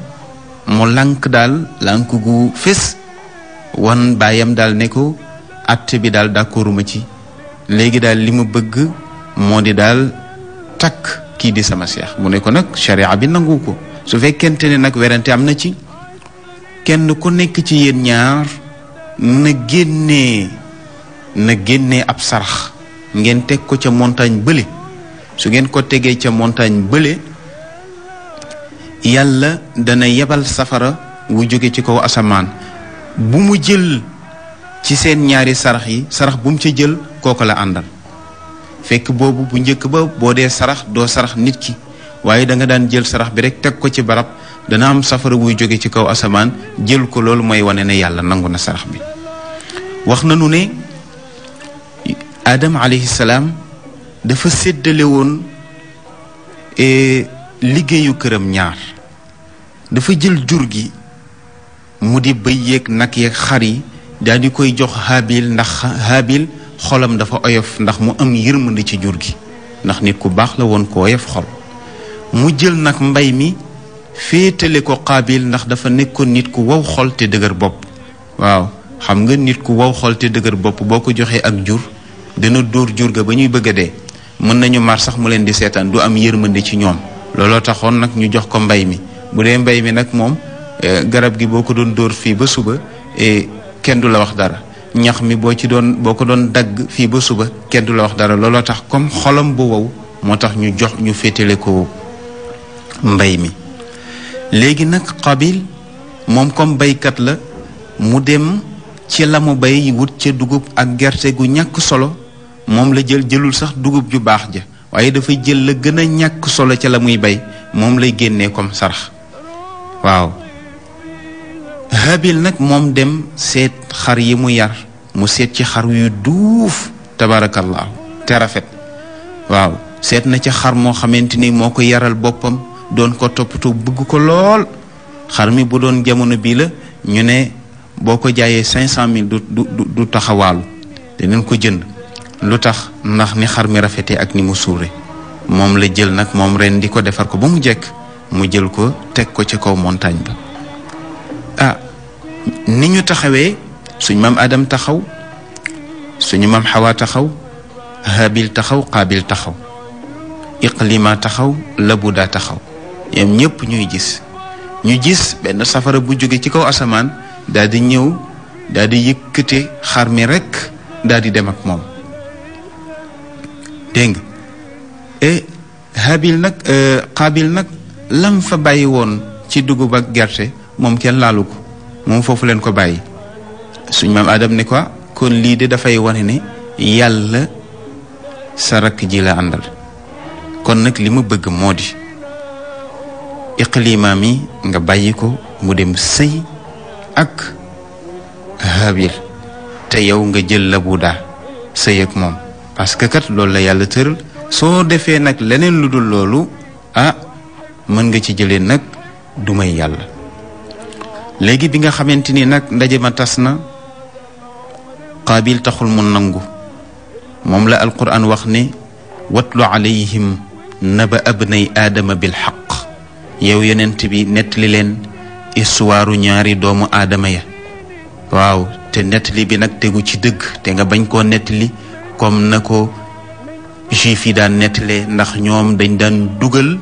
mu lànk daal lànk gu fés wan baayam daal ne ko atte bi daal d'accorduma ci léegi daal li mu bëgg moo di daal takk kii di sama seex mu ne ko nag sharia bi nangu ko su fekkente ne nag werante am na ci kenn ku nekk ci yéen ñaar na génnee na génnee ab sarax ngeen teg ko ca montagne bële su ngeen ko tegee ca montagne bële yàlla dana yebal safara wu jóge ci kaw asamaan bu mu jël ci seen ñaari sarax yi sarax bu mu ca jël kooku la àndal fekk boobu bu njëkk ba boo dee sarax doo sarax nit ki waaye danga daan jël sarax bi rek teg ko ci barab dana am safara buy jóge ci kaw asamaan jël ko loolu mooy wane ne yàlla nangu na sarax bi wax nañu ne Adam alayhi salaam dafa séddale woon e, liggéeyu këram ñaar dafa jël jur gi mu di bëy yeeg nag yeeg xar yi daal di koy jox Habil ndax Habil xolam dafa oyof ndax mu am yërmande ci jur gi ndax nit ku baax la woon ko oyof xol mu jël nag mbay mi féetale ko xabil ndax dafa nekkoon nit ku wow xol te dëgër bopp waaw xam nga nit ku wow xol te dëgër bopp boo ko joxee ak jur dana dóor jur ga ba ñuy bëgg a dee mën nañu mar sax mu leen di seetaan du am yërmande ci ñoom looloo taxoon nag ñu jox ko mbay mi bu dee mbay mi nag moom eh, garab gi boo ko doon dóor fii ba suba eh, kenn du la wax dara ñax mi boo ci doon boo ko doon dagg fii ba suba kenn du la wax dara looloo tax comme xolam bu wow moo tax ñu jox ñu féetale ko mbay mi léegi nag qabil moom comme baykat la mu dem ci la mu bay wut ca dugub ak gerte gu ñàkk solo moom la jël jëlul sax dugub ju baax ja waaye dafay jël la gën a ñàkk solo ca la muy bay moom lay génnee comme sarax waaw habil nag moom dem seet xar yi mu yar mu seet ci xar yu duuf tabaarakallaahu te rafet waaw seet na ci xar moo xamante ni moo ko yaral boppam doon ko toppatoo bëgg ko lool xar mi bu doon jamono bii la ñu ne boo ko jaayee cinq cent mille du du du taxawaalu dinañ ko jënd lu tax ndax ni xar mi rafetee ak ni mu suure moom la jël nag moom ren di ko defar ko ba mu jekk mu jël ko teg ko ci kaw montagne bi ni ñu taxawee suñ maam Adam taxaw suñu maam Xawa taxaw Habil taxaw Qaabil taxaw Iqlima taxaw Labuda taxaw ñoom ñëpp ñuy gis ñu gis benn safara bu jóge ci kaw asamaan daal di ñëw daal di yëkkate xar mi rekk daal di dem ak moom dégg nga e Habil nag e Qaabil lam fa bàyyi woon ci dugub ak gerte moom kenn laalu ko moom foofu leen ko bàyyi suñ maam Adam ne ko kon lii de dafay wane ne yàlla sa rakk ji la àndal kon nag li ma bëgg moo di iqlima nga bàyyi ko mu dem sëy ak Habil te yow nga jël la Labuda sëy ak moom parce que kat loolu la yàlla tëral soo defee nag leneen lu dul loolu ah mën nga ci jëlee nag du may yàlla léegi bi nga xamante ni nag ndaje ma tas na qaabil taxul mu nangu moom la alquran wax ne watlu alayhim naba abnay aadama bil xaq yow yonent bi nettali leen histoire ñaari doomu aadama ya waaw te nettali bi nag tegu ci dëgg te nga bañ koo nettali comme na ko juif yi daan nettalee ndax ñoom dañ daan dugal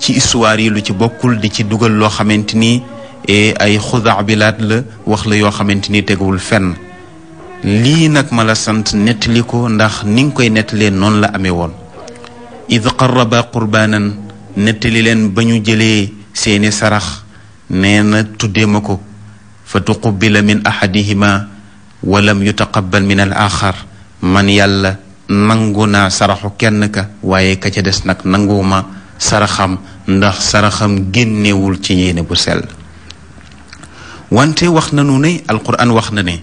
ci histoire yi lu ci bokkul di ci dugal loo xamante ni et ay xudaa bilaat la wax la yoo xamante ni teguwul fenn lii nag ma la sant nettali ko ndax ni nga koy nettalee noonu la amee woon id qarraba qurbaanan nettali leen ba ñu jëlee seeni sarax nee na tuddee ma ko fa tuqubila min ahadihima walam yutaqabal min al axar man yàlla nangu naa saraxu kenn ka waaye ka ca des nag nanguwuma saraxam ndax saraxam génnewul ci yéene bu sell wante wax nanu ne alquran wax na ne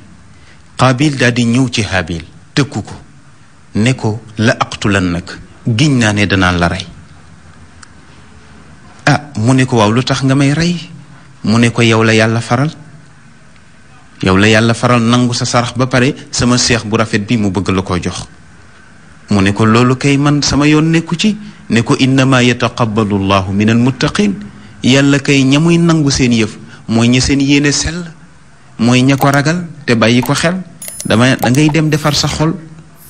qaabil daal di ñëw ci haabil tëkku ko ne ko la aqtulan nag giñ naa ne danaan la rey ah mu ne ko waaw lu tax nga may rey mu ne ko yow la yàlla faral yow la yàlla faral nangu sa sarax ba pare sama seex bu rafet bi mu bëgg la ko jox mu ne ko loolu kay man sama yoon nekku ci ne ko innama yataqabbalu llahu min almuttaqin yàlla kay ñamuy nangu seen yëf mooy ña seen yéene sel mooy ña ko ragal te bàyyi ko xel dama da ngay dem defar sa xol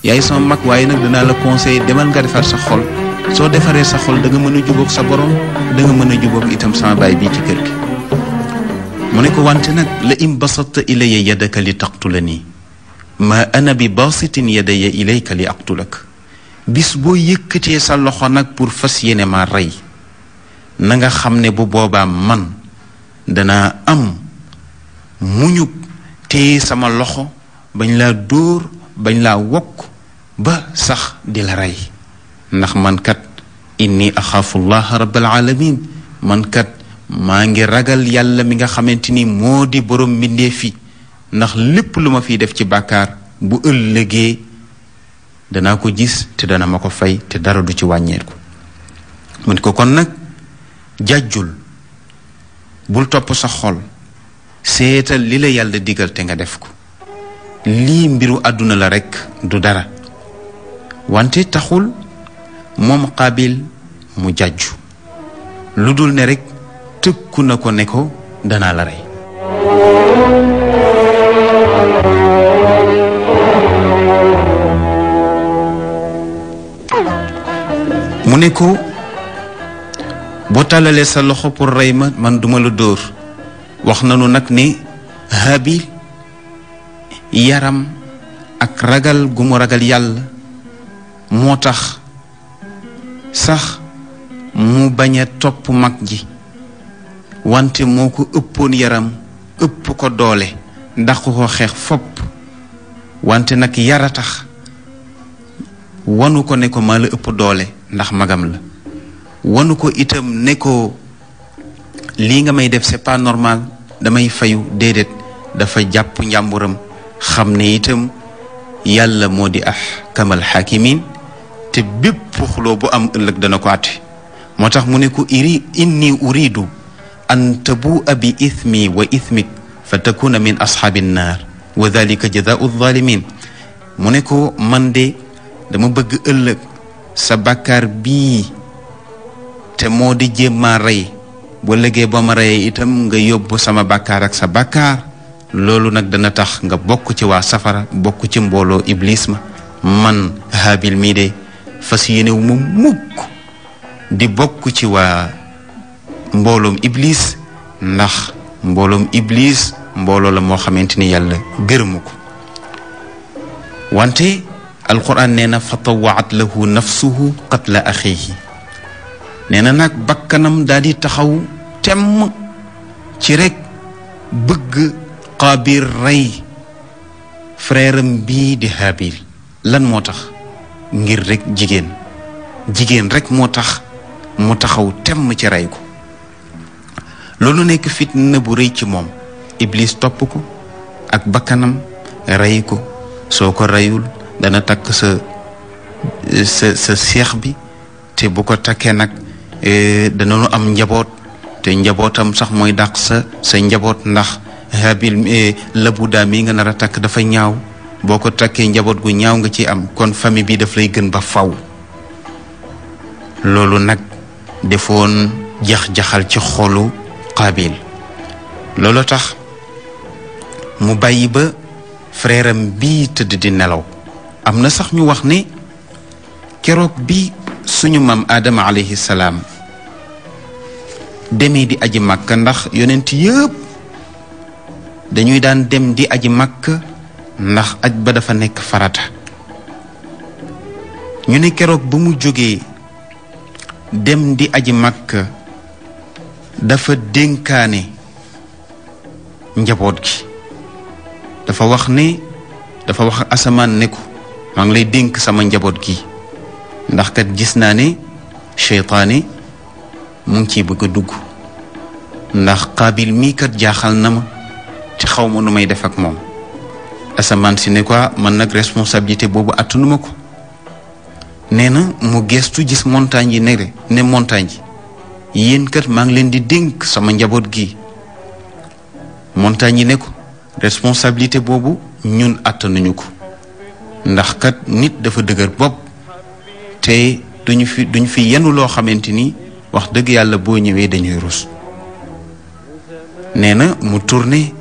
yaay sama mag waaye nag danaa la conseiller demal nga defar sa xol soo defaree sa xol da nga mën a jubóog sa borom danga nga mën a jubóog itam sama baay bii ci kër gi mu ne ko wante nag la im basatta ilaya yadaka li taqtula nii ma ana bi basitin yadaya ilayka li aqtulak bis boo yëkkatee sa loxo nag pour fas yéene ma rey na nga xam ne bu boobaa man danaa am muñu téye sama loxo bañ laa dóor bañ la wokk ba sax di la rey ndax man kat inni axaafu llaha rabbal man kat maa ngi ragal yàlla mi nga xamante ni moo di borom mbindeef yi ndax lépp lu ma fi def ci bàkkaar bu ëllëgee danaa ko gis te dana ma ko fay te dara du ci wàññeeku. mu ne ko kon nag jàjjul bul topp sa xol seetal li la yàlla digal te nga def ko lii mbiru àdduna la rekk du dara wante taxul moom xaabil mu jàjju lu dul ne rekk tëkku na ko ne ko danaa la rey boo tàllalee sa loxo pour rey ma man duma la dóor wax nanu nag ni Haabil yaram ak ragal gu mu ragal yàlla moo tax sax mu bañ a topp mag ji wante moo ko ëppoon yaram ëpp ko doole ndax ko xeex fopp wante nag yar a tax wanu ko ne ko ma la ëpp doole ndax magam la wanu ko itam ne ko lii nga may def c'est pas normal damay fayu déedéet dafa jàpp njàmburam xam ne itam yàlla moo di ahkamal xaakimiin te bépp xuloo bu am ëllëg dana ko àtte moo tax mu ne ko iri inni uridu an tabu'a bi ithmi wa ithmik fa takuna min ashaabi nnaar wa dalika jazaau zalimin mu ne ko man de dama bëgg ëllëg sa bakkar bii te moo di jéem a rey boo légee ba ma reyee itam nga yóbbu sama bàkkaar ak sa bàkkaar loolu nag dana tax nga bokk ci waa safara bokk ci mbooloo iblis ma man Haabil mii de fas yéenewu mu mukk di bokk ci waa mbooloom iblis ndax mbooloom iblis mbooloo la moo xamante ni yàlla gërëmu ko wante alquran nee na fa tawaat lahu nafsuhu qatla axiihi nee na nag bakkanam daal di taxaw temm ci rekk bëgg xaabil rey freeram bii di xaabil lan moo tax ngir rek jigéen jigéen rekk moo tax mu taxaw temm ci rey ko loolu nekk fitna bu rëy ci moom ibliis topp ko ak bakkanam rey ko soo ko reyul dana takk sa sa sa seex bi te bu ko takkee nag Eh, danañu am njaboot te njabootam sax mooy dàq sa sa njaboot ndax habil eh, labuda mi nga nar a takk dafa ñaaw boo ko takkee njaboot gu ñaaw nga ci am kon famille bi daf lay gën ba faw loolu nag defoon jax-jaxal ci xoolu Qaabil loolu tax mu bàyyi ba freeram am bii tëdd di nelaw am na sax ñu wax ni keroog bi suñu maam Aadama alayhi salaam demee di aji màkk ndax yonent yëpp dañuy daan dem di aji màkk ndax aj ba dafa nekk farata ñu ne keroog ba mu jógee dem di aji màkk dafa dénkaane njaboot gi dafa wax ne dafa wax asamaan ne ko maa ngi lay dénk sama njaboot gi ndax kat gis naa ne seytaane mu ngi ci bëgg a dugg ndax xaabil mii kat jaaxal na ma te xaw ma nu may def ak moom asamaan si ne ko ah, man nag responsabilité boobu attanu ma ko nee na mu gestu gis montagne yi nere ne montagne yi yéen kat maa ngi leen di dénk sama njaboot gi montagne yi ne ko responsabilité boobu ñun attanuñu ko ndax kat nit dafa dëgër bopp te duñu fi duñu fi yenu loo xamante ni. wax dëgg yàlla boo ñëwee dañuy rus nee na mu tourné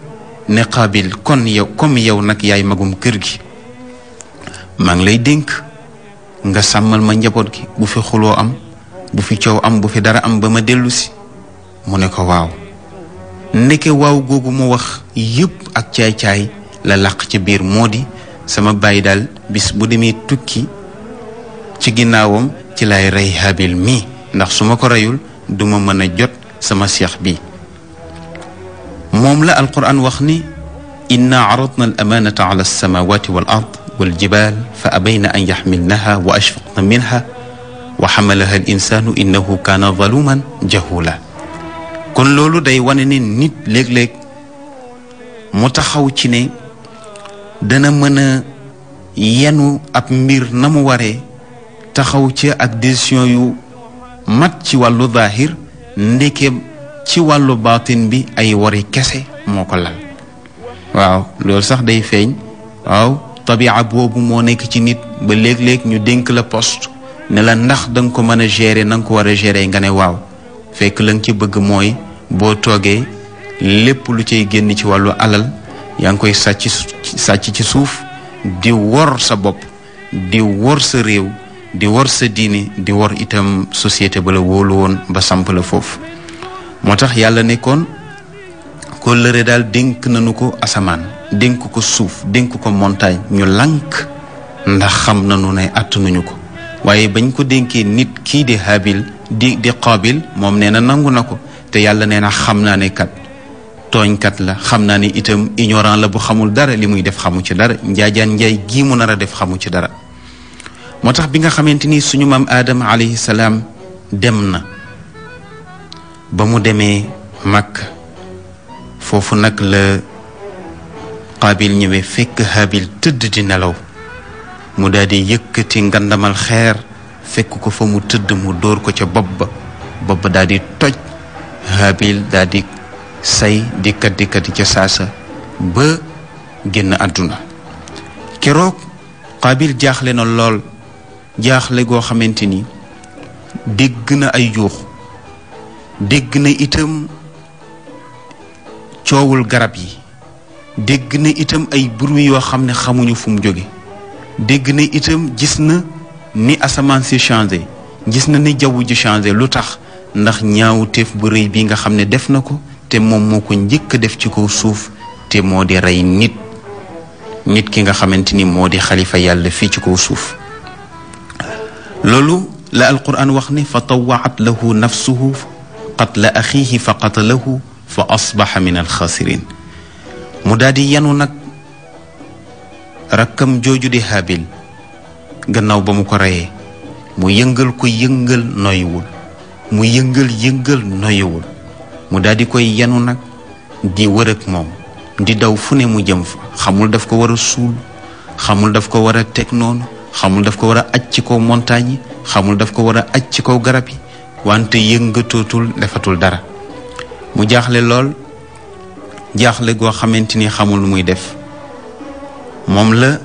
ne Xaabil kon yow comme yow nag yaay magum kër gi maa ngi lay dénk nga sàmmal ma njaboot gi bu fi xuloo am bu fi coow am bu fi dara am ba ma dellusi mu ne ko waaw ndeke waaw googu mu wax yépp ak caay-caay la làq ca biir moo di sama bàyyi daal bis bu demee tukki ci ginnaawam ci lay rey Haabil mii ndax su ma ko reyul du ma mën a jot sama seex bi moom la alquran wax ni inna aradna al amanata ala alsamawati wal ard wal jibal fa abayna an yaxmilnaha wa ashfaqna minha wa xamalaha al insaanu innahu kaana zaluman jahula kon loolu day wane ne nit léeg-léeg mu taxaw ci ne dana mën a yenu ab mbir na mu waree taxaw ci ak décision yu mat ci wàllu zaahir ndeke ci wàllu baatin bi ay wari kese moo ko lal waaw loolu sax day feeñ waaw tabia boobu moo nekk ci nit ba léeg-léeg ñu dénk la poste ne la ndax danga ko mën a gérer na ko war a gérer nga ne waaw fekk la ci bëgg mooy boo toogee lépp lu cay génn ci wàllu alal yaa ngi koy sàcc sàcc ci suuf di wor sa bopp di wor sa réew di wor sa diine di wor itam société ba la wóolu woon ba samp la foofu moo tax yàlla nekkoon kóllëre daal dénk nañu ko asamaan dénk ko suuf dénk ko montagne ñu lànk ndax xam nañu ne attanuñu ko waaye bañ ko dénkee nit kii di habil di di qaabil moom nee na nangu na ko te yàlla nee na xam naa ne kat tooñkat la xam naa ne itam ignorant la bu xamul dara li muy def xamu ci dara njaajaan njaay gii mu nar a def xamu ci dara moo tax bi nga xamante ni suñu maam aadama alayhi salaam dem na ba mu demee màkk foofu nag la qaabil ñëwee fekk haabil tëdd di nelaw mu daal di yëkkati ngandamal xeer fekk ko fa mu tëdd mu dóor ko ca bopp ba bopp daal di toj haabil daal di say dikkat dikkat ca saasa ba génn àdduna keroog qaabil jaaxle na lool jaaxle goo xamante ni dégg na ay juux dégg na itam coowul garab yi dégg na itam ay bruit yoo xam ne xamuñu fu mu jóge dégg na itam gis na ni asamaan si changé gis na ni jaww ji changé lu tax ndax ñaawuteef teef bu rëy bi nga xam ne def na ko te moom moo ko njëkk a def ci kaw suuf te moo di rey nit nit ki nga xamante ni moo di xalifa yàlla fii ci kaw suuf loolu la alquran wax ni fa tawaat lahu nafsuhu qatla axiihi fa qatalahu fa asbaxa min alxaasirin mu daal di yanu nag rakkam jooju di haabil gannaaw ba mu ko reyee mu yëngal ko yëngal noyuwul mu yëngal yëngal noyuwul mu daal di koy yanu nag di wër moom di daw fu ne mu jëm xamul daf ko war a suul xamul daf ko war a teg noonu xamul daf ko war a aj ci kow montagne yi xamul daf ko war a aj ci kaw garab yi wante yëngatootul defatul dara mu jaaxle lool jaaxle goo xamante ni xamul muy def moom la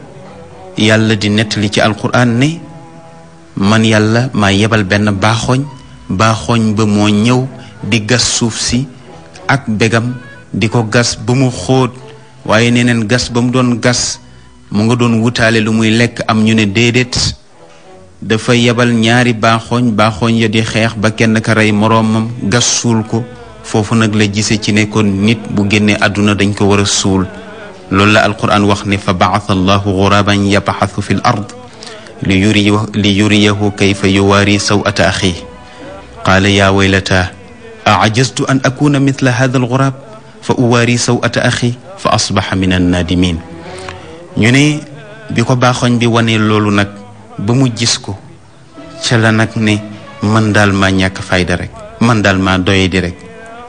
yàlla di nettali ci alxuraan ne man yàlla ma yebal benn baaxooñ baaxooñ ba moo ñëw di gas suuf si ak begam di ko gas ba mu xóot waaye neen gas ba mu doon gas mu nga doon wutaale lu muy lekk am ñu ne déedéet dafa yebal ñaari baaxooñ baaxooñ yadi xeex ba kenn ka rey moroomam gas suul ko foofu nag la gise ci nekkoon nit bu génnee àdduna dañ ko war a suul loolu la alquran wax ne fa baata allahu guraban yabaxasu fi l ard li yuri li yuriyahu kayfa yuwaari sawata axi qaala yaa waylata aajaztu an akuna mithla hada al gurab fa uwaari sawata axi fa asbaxa min annadimin ñu ni bi ko baaxoñ bi wanee loolu nag ba mu gis ko ca la nag ne man daal ma ñàkk fayda rek man daal maa doye di rek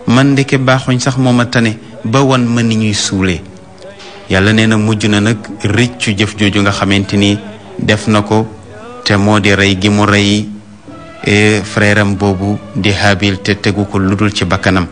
man ndeke baaxoñ sax mooma tane ba wan ma ni ñuy suulee yàlla nee na mujj na nag riccu jëf jooju nga xamante ni def na ko te moo di rey gi mu rey eh, frère am boobu di Haabil te tegu ko lu dul ci bakkanam